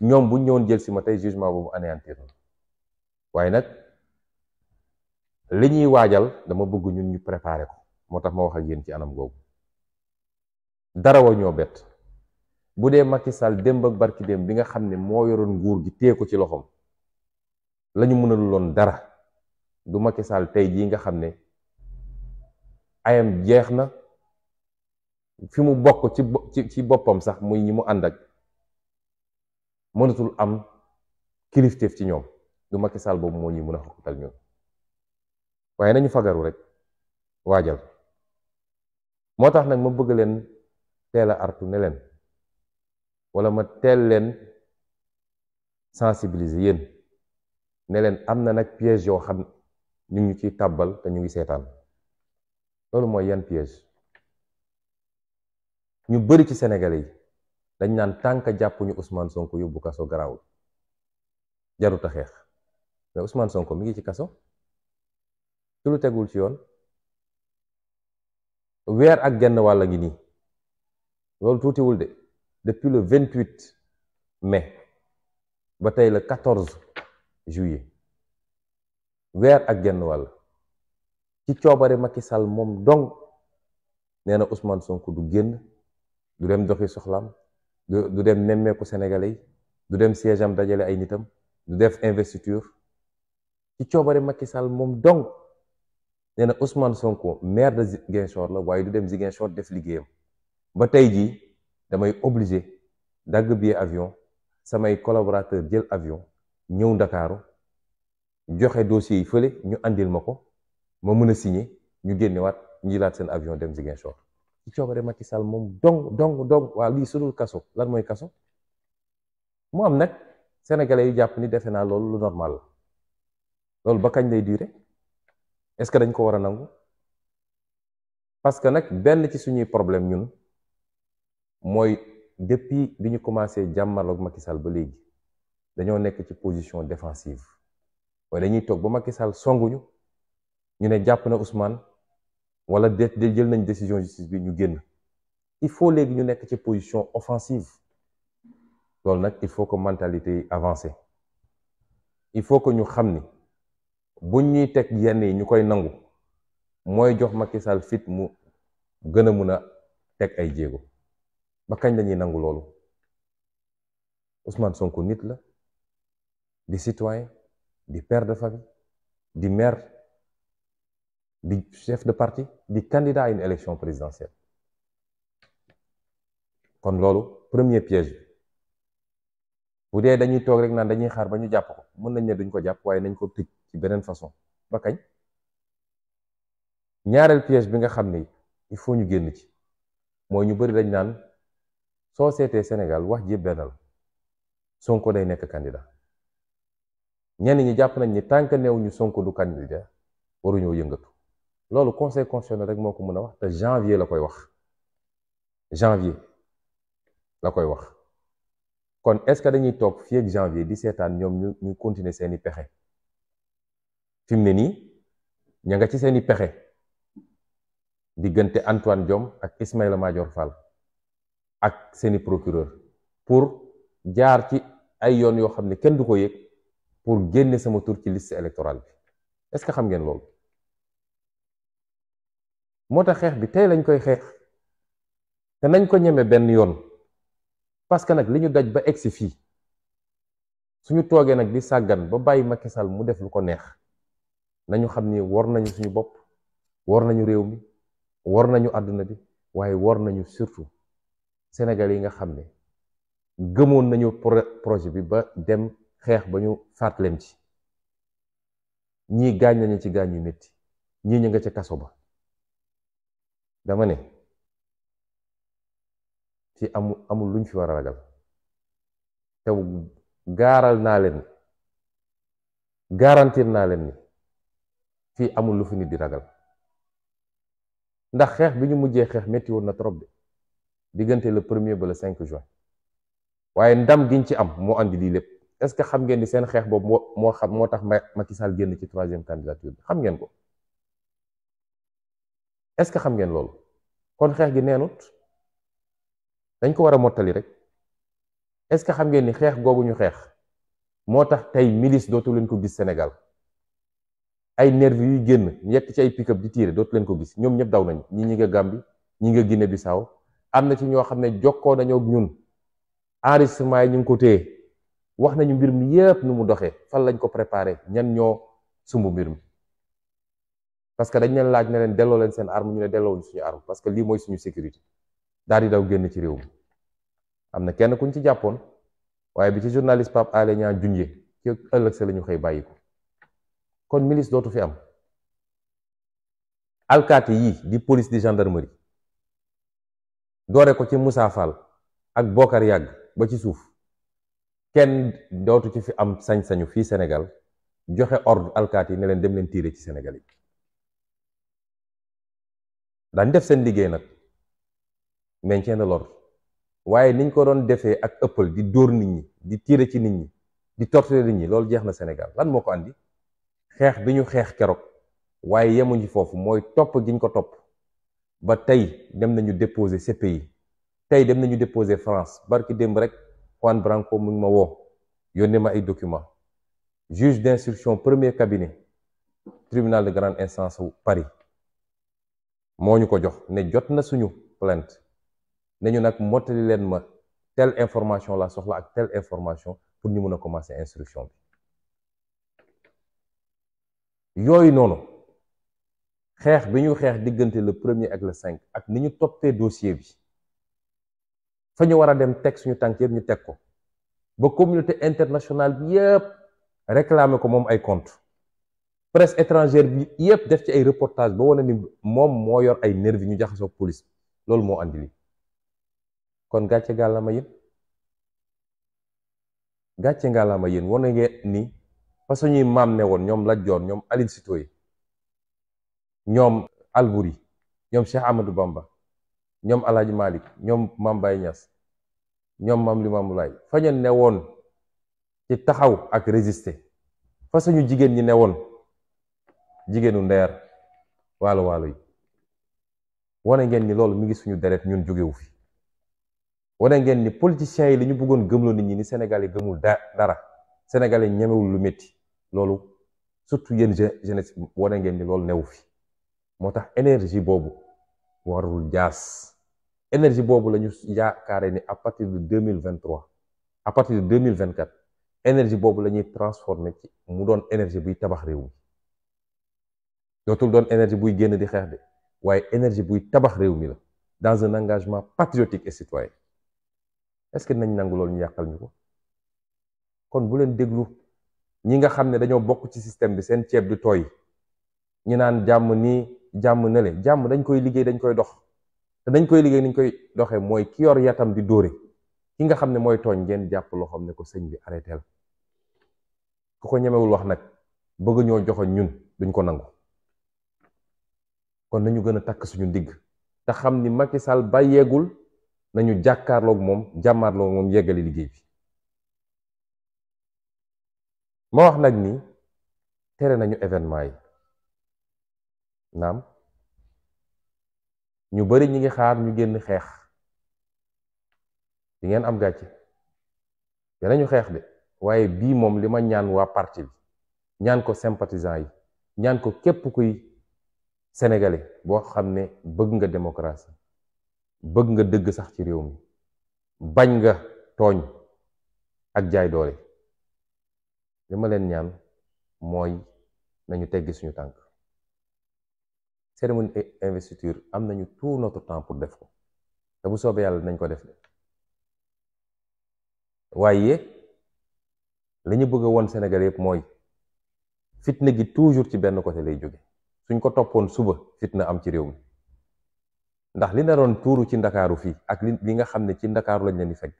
ñoom bu ñëwoon jël si ma tey jugement boobu anéantir na waaye nag li ñuy waajal dama bëgg ñun ñu préparer ko moo tax ma wax ak yéen ci anam googu dara wa ñoo bett bu dee makki Sall démb ak barki démb bi nga xam ne moo yoroon nguur gi téye ko ci loxoom lañu mënalu loon dara du makki Sall tey jii nga xam ne ayam jeex na fi mu bokk ci boppam sax muy ñi mu ànd ak mënatul am kilifteef ci ñoom du makki Sall boobu moo ñuy mën a xoqatal ñoom waaye nañu fagaru rek waajal moo tax nag ma bëgg leen teel a artu ne leen wala ma teel leen sensibiliser yéen ne leen am na nag piège yoo xam ñu ngi ciy tàbbal te ñu ngi seetaan loolu mooy yan piège ñu bari ci Sénégalais yi dañ naan tànk jàppuñu Ousmane Sonko yóbbu kaso garaawul jarut a xeex mais Ousmane Sonko mi ngi ci kaso ci lu tegul ci yoon. weer ak genn wàll ngi nii loolu tuutiwul de depuis le vingt huit mai ba tey le quatorze juillet weer ak genn wàll ci coobari Macky Sall moom dong nee na Ousmane Sonko du génn du dem doxi soxlaam du du dem nemmeeku Sénégalais yi du dem siège dajale ay nitam du def investiture ci coobare Macky Sall moom dong nee na Ousmane Sonko maire de Ziguinchor la waaye du dem Ziguinchor def liggéeyam ba tey jii damay obligé dagg billet avion samay collaborateur jël avion ñëw ndakaaru joxe dossier yi fële ñu andil ma ko ma mën a signé ñu génnewaat njilaat seen avion dem Ziguinchor ci coobare Macky Sall moom dong dong dong waa lii sudul kaso lan mooy kaso mu am nag sénégalais yu jàpp ni defe naa loolu lu normal la loolu ba kañ lay durer est-ce que dañ ko war a nangu parce que nag benn ci suñuy problème ñun mooy depuis bi ñu commencé jàmmarloog Macky Sall ba léegi dañoo nekk ci position défensive waaye dañuy toog ba Macky Sall songuñu ñu ne jàpp na Ousmane wala de jël nañ décision justice bi ñu génn il faut léegi ñu nekk ci position offensive loolu nag il faut que mentalité yi avancé il faut que ñu xam ni bu ñuy teg yenn yi ñu koy nangu mooy jox Macky Sall fit mu gën a mun a teg ay jéego ba kañ lañuy nangu loolu Ousmane Sonko nit la di citoyen di père de famille di maire di chef de parti di candidat à une élection présidentielle kon loolu premier piège bi bu dee dañuy toog rek naan dañuy xaar ba ñu jàpp ko mën nañ ne duñ ko jàpp waaye nañ ko tëj ci beneen façon ba kañ ñaareel piège bi nga xam ni il faut ñu génn ci mooy ñu bari dañ naan soo seetee Sénégal wax ji benn la Sonko day nekk candidat ñenn ñi jàpp nañ ni tant que néew ñu Sonko du candidat waruñoo yëngatu loolu conseil constitutionnel rek moo ko mën a wax te janvier la koy wax janvier la koy wax kon est-ce que dañuy toog fi ak janvier di seetaan ñoom ñu ñu continuer seeni pexe. fi ne nii ña nga ci seeni pexe diggante Antoine Diome ak Ismaïla Madior Fall ak seeni procureur pour jaar ci ay yoon yoo xam ne kenn du ko yëg pour génne sama tur ci liste électorale bi est-ce que xam ngeen loolu moo tax xeex bi tey lañ koy xeex te nañ ko ñeme benn yoon parce que nag li ñu daj ba egsi fii suñu toogee nag di sàggan ba bàyyi ma Sall mu def lu ko neex nañu xam ni war nañu suñu bopp war nañu réew mi war nañu àdduna bi waaye war nañu surtout Sénégal yi nga xam ne gëmoon nañu projet bi ba dem xeex ba ñu faat leen ci ñii gaañ nañu ci gaañ yu metti ñii ñu nga ca kaso ba dama ne ci amul luñ fi war a ragal te gaaral naa leen garantir naa leen ni fii amul lu fi nit di ragal ndax xeex bi ñu mujjee xeex metti woon na trop bi diggante la premier ba le cinq juin waaye ndam giñ ci am moo andi lii lépp est-ce que xam ngeen ni seen xeex boobu moo moo xam moo tax Macky Sall génn ci troisième candidature bi xam ngeen ko est-ce que xam ngeen loolu kon xeex gi neenut dañ ko war a mottali rek est-ce que xam ngeen ni xeex googu ñu xeex moo tax tey milice dootu leen ko gis Sénégal ay nervi yuy génn yekk ci ay pick-up di tiire dootu leen ko gis ñoom ñëpp daw nañ ñi ñi nga Gàmbi ñi nga Guinée Bissau am na ci ñoo xam ne jokkoo nañoo ak ñun enregistrement yi ñu ngi ko téye wax nañu mbir mi nu mu doxee fan lañ ko préparé ñan ñoo sumb mbir parce que dañ leen laaj ne leen delloo leen seen arme ñu ne delloowuñ suñu arme parce que lii mooy suñu sécurité daal di daw génn ci réew mi am na kenn kuñ ci jàppoon waaye bi ci journaliste Pape Alé Niang junjee ci ëllëg sa la ñu xëy bàyyi kon milice dootu fi am alkaati yi di police di gendarmerie doore ko ci Moussa Fall ak Bokar Yàgg ba ci suuf kenn dootu ci fi am sañ-sañu fii Sénégal joxe ordre alkaati yi ne leen dem leen tiire ci Sénégal yi daañ def seen liggéey nag maintien de l'ordre waaye niñ ko doon defee ak ëppal di dóor nit ñi di tiire ci nit ñi di torturer nit ñi loolu jeex na Sénégal lan moo ko andi xeex bi ñu xeex keroog waaye yemuñu foofu mooy topp giñ ko topp ba tey dem nañu déposer CPI tey dem nañu déposer France barki démb rek Juan Branco mu ngi ma woo yónnee ma ay document juge d'instruction premier cabinet tribunal de grande instance wu Paris moo ñu ko jox ne jot na suñu plainte ne ñu nag mottali leen ma telle information la soxla ak tell information pour ñu mën a commencer instruction bi yooyu noonu xeex bi ñu xeex diggante la premier ak le ak ni ñu toppee dossier bi fa ñu war a dem teg suñu tànk yëpp ñu teg ko ba communauté internationale bi yëpp réclamer ko moom ay compte presse étrangère bi yëpp def ci ay reportage ba wane ni moom moo yor ay nervi ñu jaxasoo police loolu moo andi li kon gàcce ngàllaama yéen gàcce ngàllaama yéen wane ngeen ni fa suñuy maam ne woon ñoom Lat Joor ñoom Aline Sitoé ñoom Albouri ñoom Cheikh Amadou Bamba ñoom Alhaji Malick ñoom Mame Baye ñoom Mame Limamou Laye fa ñu ne woon ci taxaw ak résister fa suñu jigéen ñi ne woon jigéenu ndeer waalo waalo yi wane ngeen ni loolu mu ngi suñu deret ñun jógewu fi wane ngeen ni politiciens yi li ñu bëggoon gëmloo nit ñi ni Sénégal yi gëmul dara Sénégal yi ñemewul lu metti loolu surtout yéen jeunesse wane ngeen ni loolu newu fi moo tax énergie boobu warul jaas énergie boobu la ñu yaakaare ni à partir de deux mille vingt trois à partir de mille vingt quatre énergie boobu la ñuy transformer ci mu doon énergie buy tabax réew mi dootul doon énergie buy génn di xeex de waaye énergie buy tabax réew mi la dans un engagement patriotique et citoyen est-ce que nañ nangu loolu ñu yàqal ñu ko kon bu déglu ñi nga xam ne dañoo bokk ci système bi seen ceeb du tooy ñi naan jàmm nii jàmm nele jàmm dañ koy liggéey dañ koy dox te dañ koy liggéey dañ koy doxee mooy ki yor yatam di dóore ki nga xam ne mooy tooñ ngeen jàpp loo ne ko sëñ bi arrêté la ku ko ñemewul wax nag bëgg ñoo joxoñ ñun duñ ko nangu kon nañu gën a takk suñu ndigg te xam ni Macky Sall bàyyeegul nañu jàkkaarloog moom jàmmaarloog moom yeggali liggéey bi ma wax nag ni tere nañu événement yi naam ñu bari ñi ngi xaar ñu génn xeex di ngeen am gàcce danañu xeex de waaye bii moom li ma ñaan waa parti bi ñaan ko sympathisant yi ñaan ko képp kuy sénégalais boo xam ne bëgg nga démocratie bëgg nga dëgg sax ci réew mi bañ nga tooñ ak jaay doole li ma leen ñaan mooy nañu teggi suñu tànk cérémonie investiture am nañu tout notre temps pour def ko te bu soobee yàlla nañ ko def de waaye li ñu bëgg a woon Sénégal yëpp mooy fitna gi toujours ci benn côté lay jóge suñ ko toppoon suba fitna am ci réew mi ndax li na doon tuuru ci ndakaaru fii ak li nga xam ne ci ndakaaru lañ leen di fekk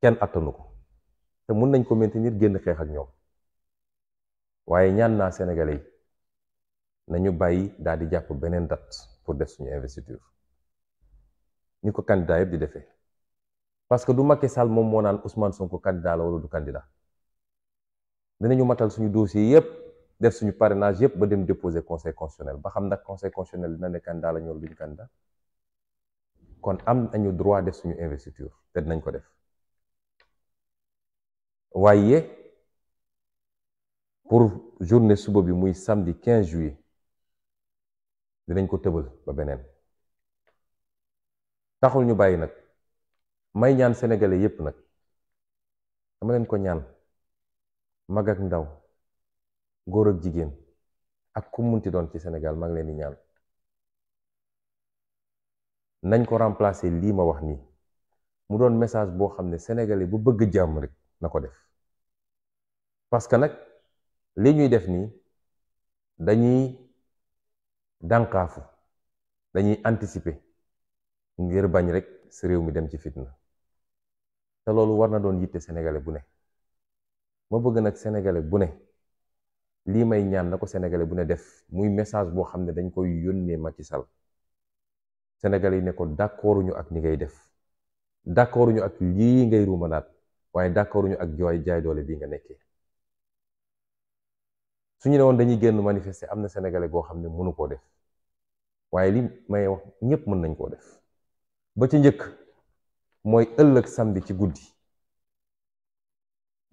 kenn attanu ko te mun nañ ko maintenir génn xeex ak ñoom waaye ñaan naa sénégalais yi nañu bàyyi daal di jàpp beneen date pour def suñu investiture ni ko candidat yëpp di defee parce que du Macky Sall moom moo naan Ousmane Sonko candidat la wala du candidat dinañu matal suñu dossier yëpp def suñu parrainage yëpp ba dem déposer conseil constitutionnel ba xam ndax conseil constitutionnel dina ne candidat la ñoom duñu kon am nañu droit def suñu investiture te ko def. waaye pour journée suba bi muy samedi 15 juillet dinañ ko tëbal ba beneen taxul ñu bàyyi nag may ñaan sénégalais yépp nag dama leen ko ñaan mag ak ndaw góor ak jigéen ak ku munti doon ci Sénégal mag ngi leen ñaan nañ ko remplacer lii ma wax nii mu doon message boo xam ne sénégalais bu bëgg jàmm rek na ko def parce que nag li ñuy def nii dañuy dànkaafu dañuy anticiper ngir bañ rek si réew mi dem ci fitna te loolu war na doon yitte sénégalais bu ne ma bëgg nag sénégalais bu ne lii may ñaan na ko sénégalais bu ne def muy message boo xam ne dañ koy yónnee ma ci sal sénégalais yi ne ko d'accorduñu ak ni ngay def d'accorduñu ak lii ngay ruumanaat waaye d'accord ñu ak jooy jaay doole bii nga nekkee su ñu ne woon dañuy génn manifester am na sénégalais boo xam ne mënu koo def waaye li may wax ñëpp mën nañ koo def ba ci njëkk mooy ëllëg samedi ci guddi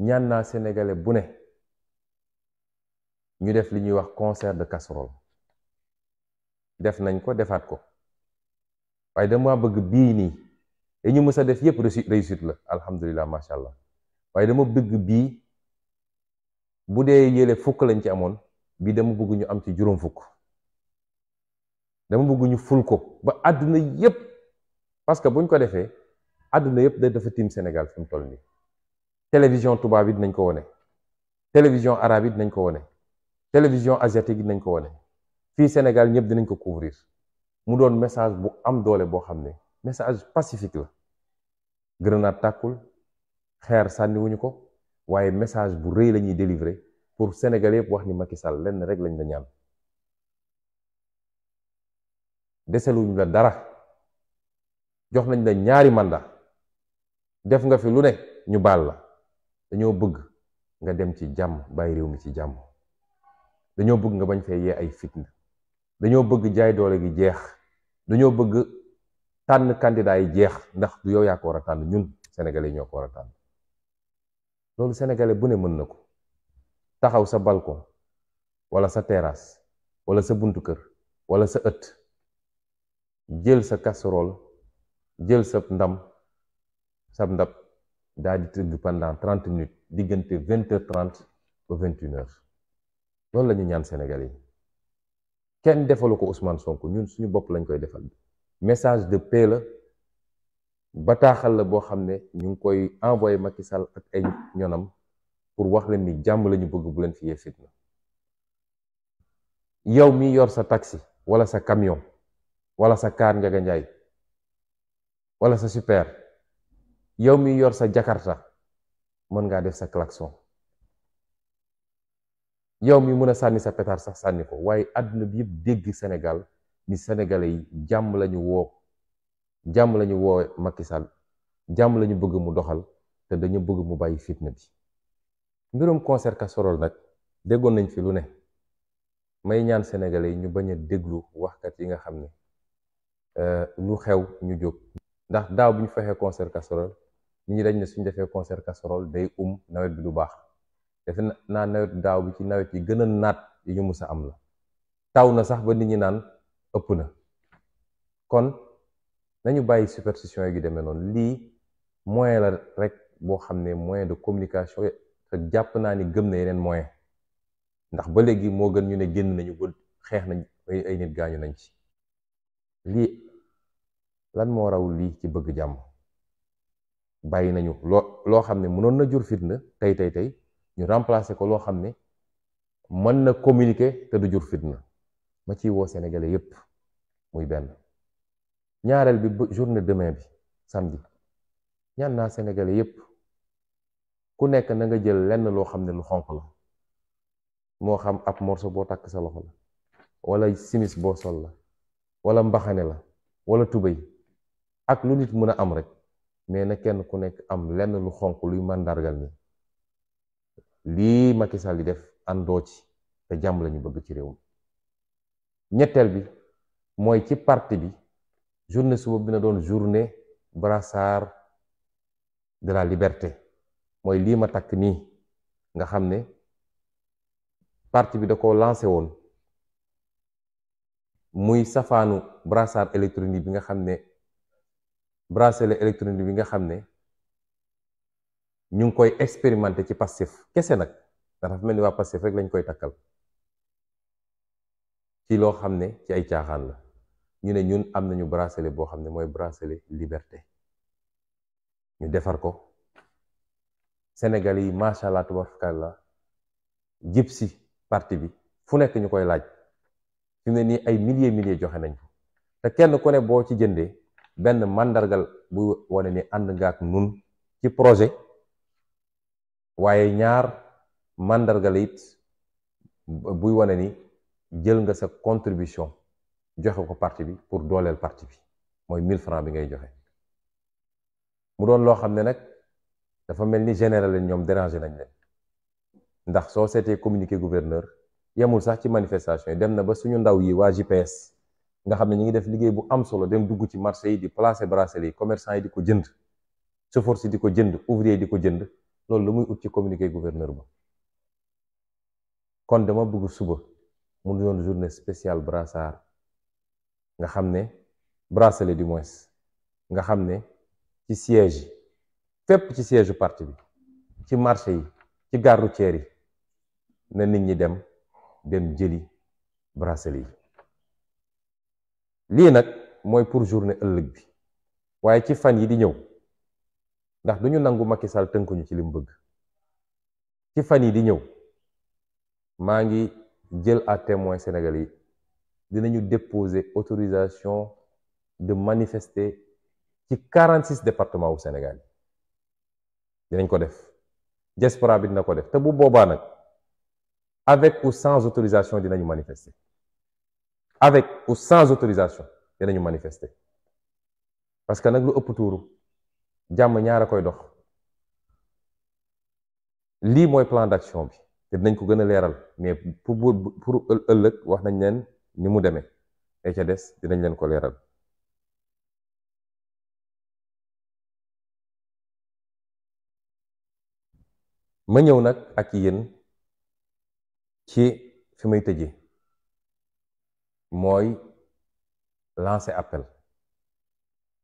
ñaan naa sénégalais bu ne ñu def li ñuy wax concert de casserole def nañ ko defaat ko waaye dama bëgg bii nii. te ñu mës a def yépp réussite la alhamdulilah macha allah waaye dama bëgg bii bu dee yële fukk lañ ci amoon bii dama bëgg ñu am ci juróom fukk dama bëgguñu ñu ful ko ba àdduna yépp parce que buñ ko defee àdduna yépp da dafa tiim Sénégal fi mu toll nii télévision tubaab yi dinañ ko wone télévision arabe yi dinañ ko wone télévision asiatique yi dinañ ko wone fii Sénégal ñëpp dinañ ko couvrir mu doon message bu am doole boo xam ne message pacifique la grenade tàkkul xeer sànniwuñu ko waaye message bu rëy la ñuy délivrer pour Sénégalais yëpp wax ni Macky Sall lenn rek lañ la ñaan deseluñ la dara jox nañ la ñaari mandat def nga fi lu ne ñu baal la dañoo bëgg nga dem ci jàmm bàyyi réew mi ci jàmm dañoo bëgg nga bañ fee yee ay fitna dañoo bëgg jaay doole gi jeex dañoo bëgg tànn candidat yi jeex ndax du yow yaa ko war a tànn ñun sénégalais ñoo ko war a tànn loolu sénégalais bu ne mën na ko taxaw sa balcon wala sa terrasse wala sa buntu kër wala sa ëtt jël sa casserole jël sa ndam sa ndab daal di tëgg pendant trente minutes diggante vingt heures trente ba vingt une heures loolu la ñaan sénégalais yi kenn defalu ko Ousmane sonk ñun suñu bopp lañ koy defal. message de paix la bataaxal la boo xam ne ñu ngi koy envoyé Macky Sall ak ay ñoonam pour wax leen ni jàmm la bëgg bu leen fi yee fitna yow mi yor sa taxi wala sa camion wala sa kaar njaga njaay wala sa super yow mi yor sa jakarta mën ngaa def sa klaxon yow mi mën a sànni sa pétard sax sànni ko waaye àdduna bi yëpp dégg Sénégal ni sénégalais yi jàmm lañu woo jàmm lañu woo Macky Sall jàmm lañu bëgg mu doxal te dañu bëgg mu bàyyi fitna bi mbirum concert casserole nag déggoon nañ fi lu ne may ñaan sénégalais yi ñu bañ a déglu waxkat yi nga xam ne euh, lu xew ñu jóg ndax daaw bi ñu fexee concert casserole nit ñi dañ ne suñ defee concert casserole day um nawet bi du baax defe naa nawet daaw bi ci nawet yi gën a naat yi ñu mus am la taw na sax ba nit ñi naan ëpp na kon nañu bàyyi superstition yi gi demee noonu lii moyen la rek boo xam ne moyen de communication te jàpp naa ni gëm na yeneen moyen ndax ba léegi moo gën ñu ne génn nañu ba xeex nañ ay nit gaañu nañ ci lii lan moo raw lii ci bëgg jàmm bàyyi nañu loo loo xam ne mënoon na jur fitna tey tey tey ñu remplacer ko loo xam ne mën na communiquer te du jur fitna ma ciy woo Sénégalais yépp muy benn ñaareel bi journée demain bi samedi ñaan naa sénégalais yépp ku nekk na nga jël lenn loo xam ne lu xonq la moo xam ab morso boo takk sa loxo la wala simis boo sol la wala mbaxane la wala tubéy ak lu nit mën a am rek mais na kenn ku nekk am lenn lu xonq luy màndargal ni lii Macky Sall li def andoo ci te jàmm lañu bëgg ci réew mi ñetteel bi mooy ci parti bi journée suba bi na doon journée brassard de la liberté mooy lii ma takk nii nga xam ne parti bi da ko lancé woon muy safaanu brassard électronique bi nga xam ne bracelet électronique bi nga xam ne ñu ngi koy expérimenté ci Pastef kese nag dafa mel ni waa Pastef rek lañ koy takkal ci loo xam ne ci ay caaxaan la ñu ne ñun am nañu bracelet boo xam ne mooy bracelet liberté ñu defar ko Sénégal yi macha allah tubarkalla jëp si parti bi fu nekk ñu koy laaj su ne nii ay milliers milliers joxe nañ ko te kenn ku ne boo ci jëndee benn màndargal bu wane ni ànd nga ak nun ci projet waaye ñaar màndargal it buy wane ni jël nga sa contribution joxe ko parti bi pour dooleel parti bi mooy 1000 francs bi ngay joxe mu doon loo xam ne nag dafa mel ni général leen ñoom dérangé nañ ne ndax soo seetee communiqué gouverneur yemul sax ci manifestation yi dem na ba suñu ndaw yi waa GPS nga xam ne ñu ngi def liggéey bu am solo dem dugg ci marché yi di placer bracelet yi commerçant yi di ko jënd chauffeur yi di ko jënd ouvrier yi di ko jënd loolu lu muy ut ci communiqué gouverneur ba kon dama bëgg suba mu doon journée spéciale brassard nga xam ne bracelet du moins nga xam ne ci siège yi fépp ci siège parti bi ci marché yi ci gare routière yi na nit ñi dem dem jëli bracelet yi lii nag mooy pour journée ëllëg bi waaye ci fan yi di ñëw ndax du ñu nangu Macky Sall tënkuñu ci li bëgg ci fan yi di ñëw maa ngi jël à témoin Sénégal yi dinañu déposer autorisation de manifester ci 46 départements wu Sénégal dinañ ko def diaspora bi dina ko def te bu boobaa nag avec ou sans autorisation dinañu manifester avec ou sans autorisation dinañu manifester parce que nag lu ëpp tuuru jàmm ñaar a koy dox lii mooy plan d'action bi te dinañ ko gën a leeral mais pour pour ëllëg wax nañ leen. ni mu demee ay ca des dinañ leen ko leeral ma ñëw nag ak yéen ci fi may tëjee mooy lancé appel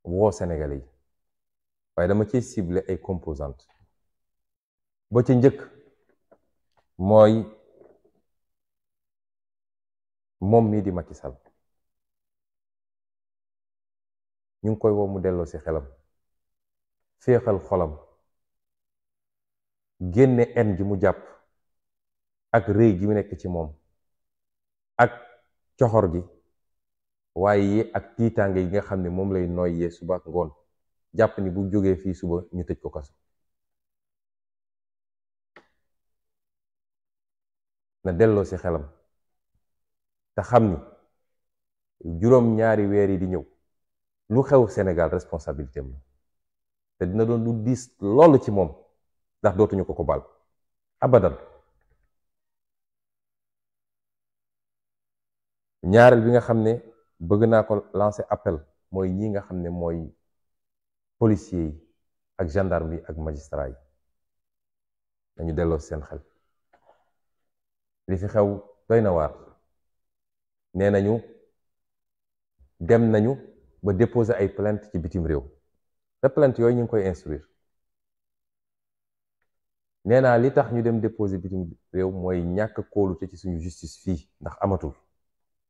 woo Sénégalais waaye dama ci cibler ay composantes boo ci njëkk mooy moom mii di Macky Sall ñu ngi koy woo mu delloo ci xelam féexal xolam génne en ji mu jàpp ak rëy gi mu nekk ci moom ak coxor gi waaye ak tiitaange yi nga xam ne moom lay nooy yee suba ngoon jàpp ni bu jógee fii suba ñu tëj ko kaso na delloo ci xelam xam ni juróom ñaari weer yi di ñëw lu xew Sénégal responsabilité am te dina doon lu diis loolu ci moom ndax dootuñu ko ko baal abadan ñaareel bi nga xam ne bëgg naa ko lancer appel mooy ñii nga xam ne mooy policiers yi ak gendarme yi ak magistrat yi dañu delloo seen xel li fi xew doy na waar nee nañu dem nañu ba déposé ay plainte ci bitim réew te plainte yooyu ñu ngi koy instruire nee naa li tax ñu dem déposé bitim réew mooy ñàkk kóolute ci suñu justice fii ndax amatul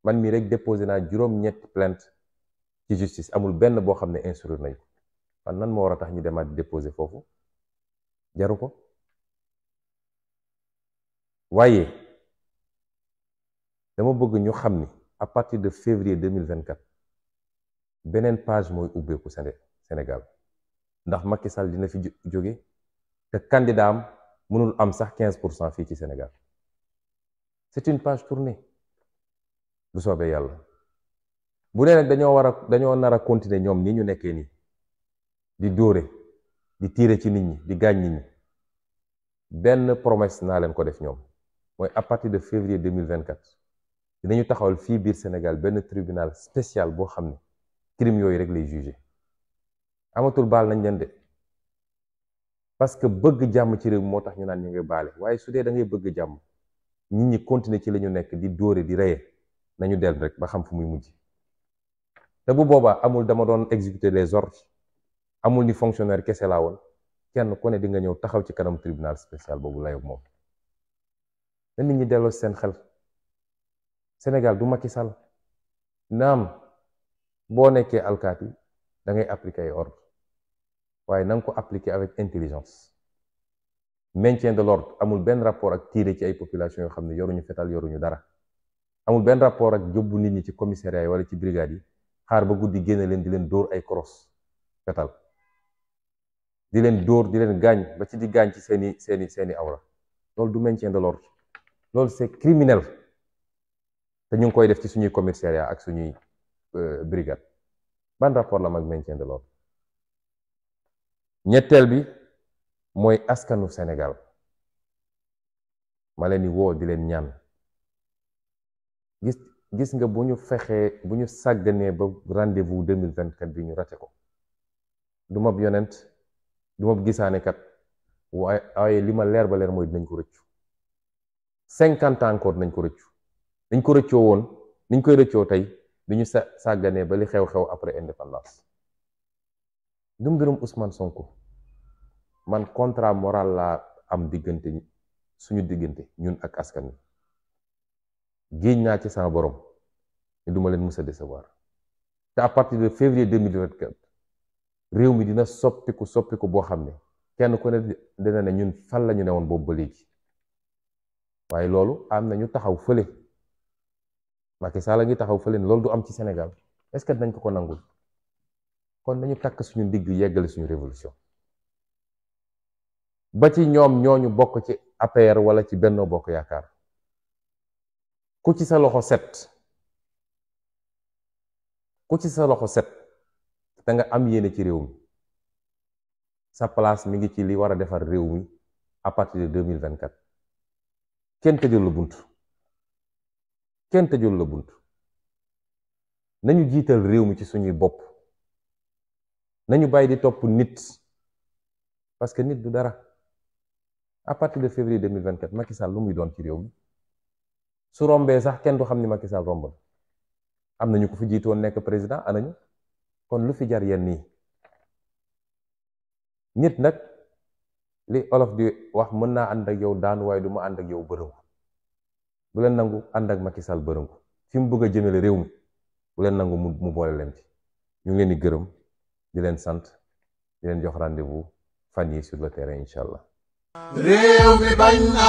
man mii rek déposé naa juróom-ñetti plainte ci justice amul benn boo xam ne instruire nañu ko nan moo war a tax ñu demaat déposé foofu jaru ko waaye dama bëgg ñu xam ni à partir de février deux mille vingt quatre beneen page mooy ubbeeku Sénégal ndax Macky Sall dina fi jóge te candidat am mënul am sax quinze pour cent fii ci Sénégal c'est une page tournée bu soobee yàlla bu dee nag dañoo war a dañoo nara a ñoom ni ñu nekkee nii di dóore di tiire ci nit ñi di gaañ nit ñi benn promesse naa leen ko def ñoom mooy à de février deux mille vingt quatre dinañu taxawal fii biir Sénégal benn tribunal spécial boo xam ne crime yooyu rek lay jugé amatul baal nañ leen de parce que bëgg jàmm ci réew moo tax ñu naan ñu ngi baale waaye su dee da ngay bëgg jàmm nit ñi continuer ci la ñu nekk di dóore di reye nañu dell rek ba xam fu muy mujj te bu boobaa amul dama doon exécuter les ordres amul ni fonctionnaire kese laa woon kenn ku ne di nga ñëw taxaw ci kanam tribunal spécial boobu layob moom na nit ñi delloo seen xel. Sénégal du Macky Sall naam boo nekkee alkaati dangay ngay appliquer ay ordre waaye na nga ko appliquer avec intelligence maintien de l'ordre amul benn rapport ak tirer ci ay population yoo xam ne yoruñu fetal yoruñu dara amul benn rapport ak yóbbu nit ñi ci commissariat yi wala ci brigade yi xaar ba guddi génne leen di leen dóor ay crosse fetal di leen dóor di leen gaañ ba ci di gaañ ci seeni seeni seeni awra loolu du maintien de l'ordre loolu c'est criminel te ñu ngi koy def ci suñuy commissariat ak suñuy euh, brigade ban rapport la mag maintien lool ñetteel bi mooy askanu senegal ma leen di woo di leen ñaan gis gis nga bu ñu fexee bu ñu sàgganee ba rendez-vous deux mille vingt bi ñu rate ko du mab yonent du mab gisaanekat waaye li ma leer ba leer mooy dinañ ko rëccu cinquante ans encore ko rëccu dañ ko rëccoo woon niñ koy rëccoo tey bi ñu sa sàgganee ba li xew-xew après indépendance gëm-gërëm Ousmane Sonko man contrat moral laa am diggante suñu diggante ñun ak askan wi géej naa ci sama borom ni duma leen mës a décevoir te à partir de février 2024 réew mi dina soppiku soppiku boo xam ne kenn ku ne dina ne ñun fan la ñu ne woon boobu ba léegi waaye loolu am na ñu taxaw fële Macky Sall a ngi taxaw fa leen loolu du am ci senegal est-ce que dañ ko ko nangul kon nañu takk suñu ndigg yeggale suñu révolution ba ci ñoom ñoo ñu bokk ci APR wala ci Benno Bokk Yaakaar ku ci sa loxo set ku ci sa loxo set da nga am yéene ci réew mi sa place mi ngi ci li war a defar réew mi à partir de deux mille vingt quatre kenn tëjul lu bunt kenn tëjul la bunt nañu jiital réew mi ci suñuy bopp nañu bàyyi di topp nit parce que nit du dara à partir de février 2024 Macky Sall lu muy doon ci réew mi su rombee sax kenn du xam ni Macky Sall romb na am nañu ko fi jiitoon nekk président anañu kon lu fi jar yenn nii nit nag li olof di wax mën naa ànd ak yow daanu waaye du ma ànd ak yow bërëbu bu leen nangu ànd ak Macky Sall bërëngu fi mu bëgg a jëmale réew mi bu leen nangu mu boole leen ci ñu ngi leen di gërëm di leen sant di leen jox rendez-vous fan yi sur le terrain incha allah. réew mi bañ na.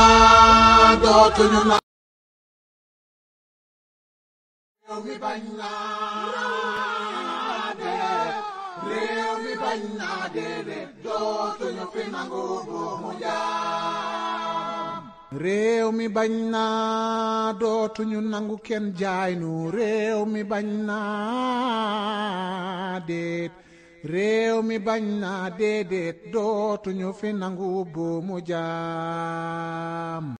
réew mi bañ naa de réew mi bu mu réew mi bañ naa dootuñu nangu kenn jaay nu réew mi bañ naa déet réew mi bañ naa déedéet dootuñu fi nangu bu mu jaam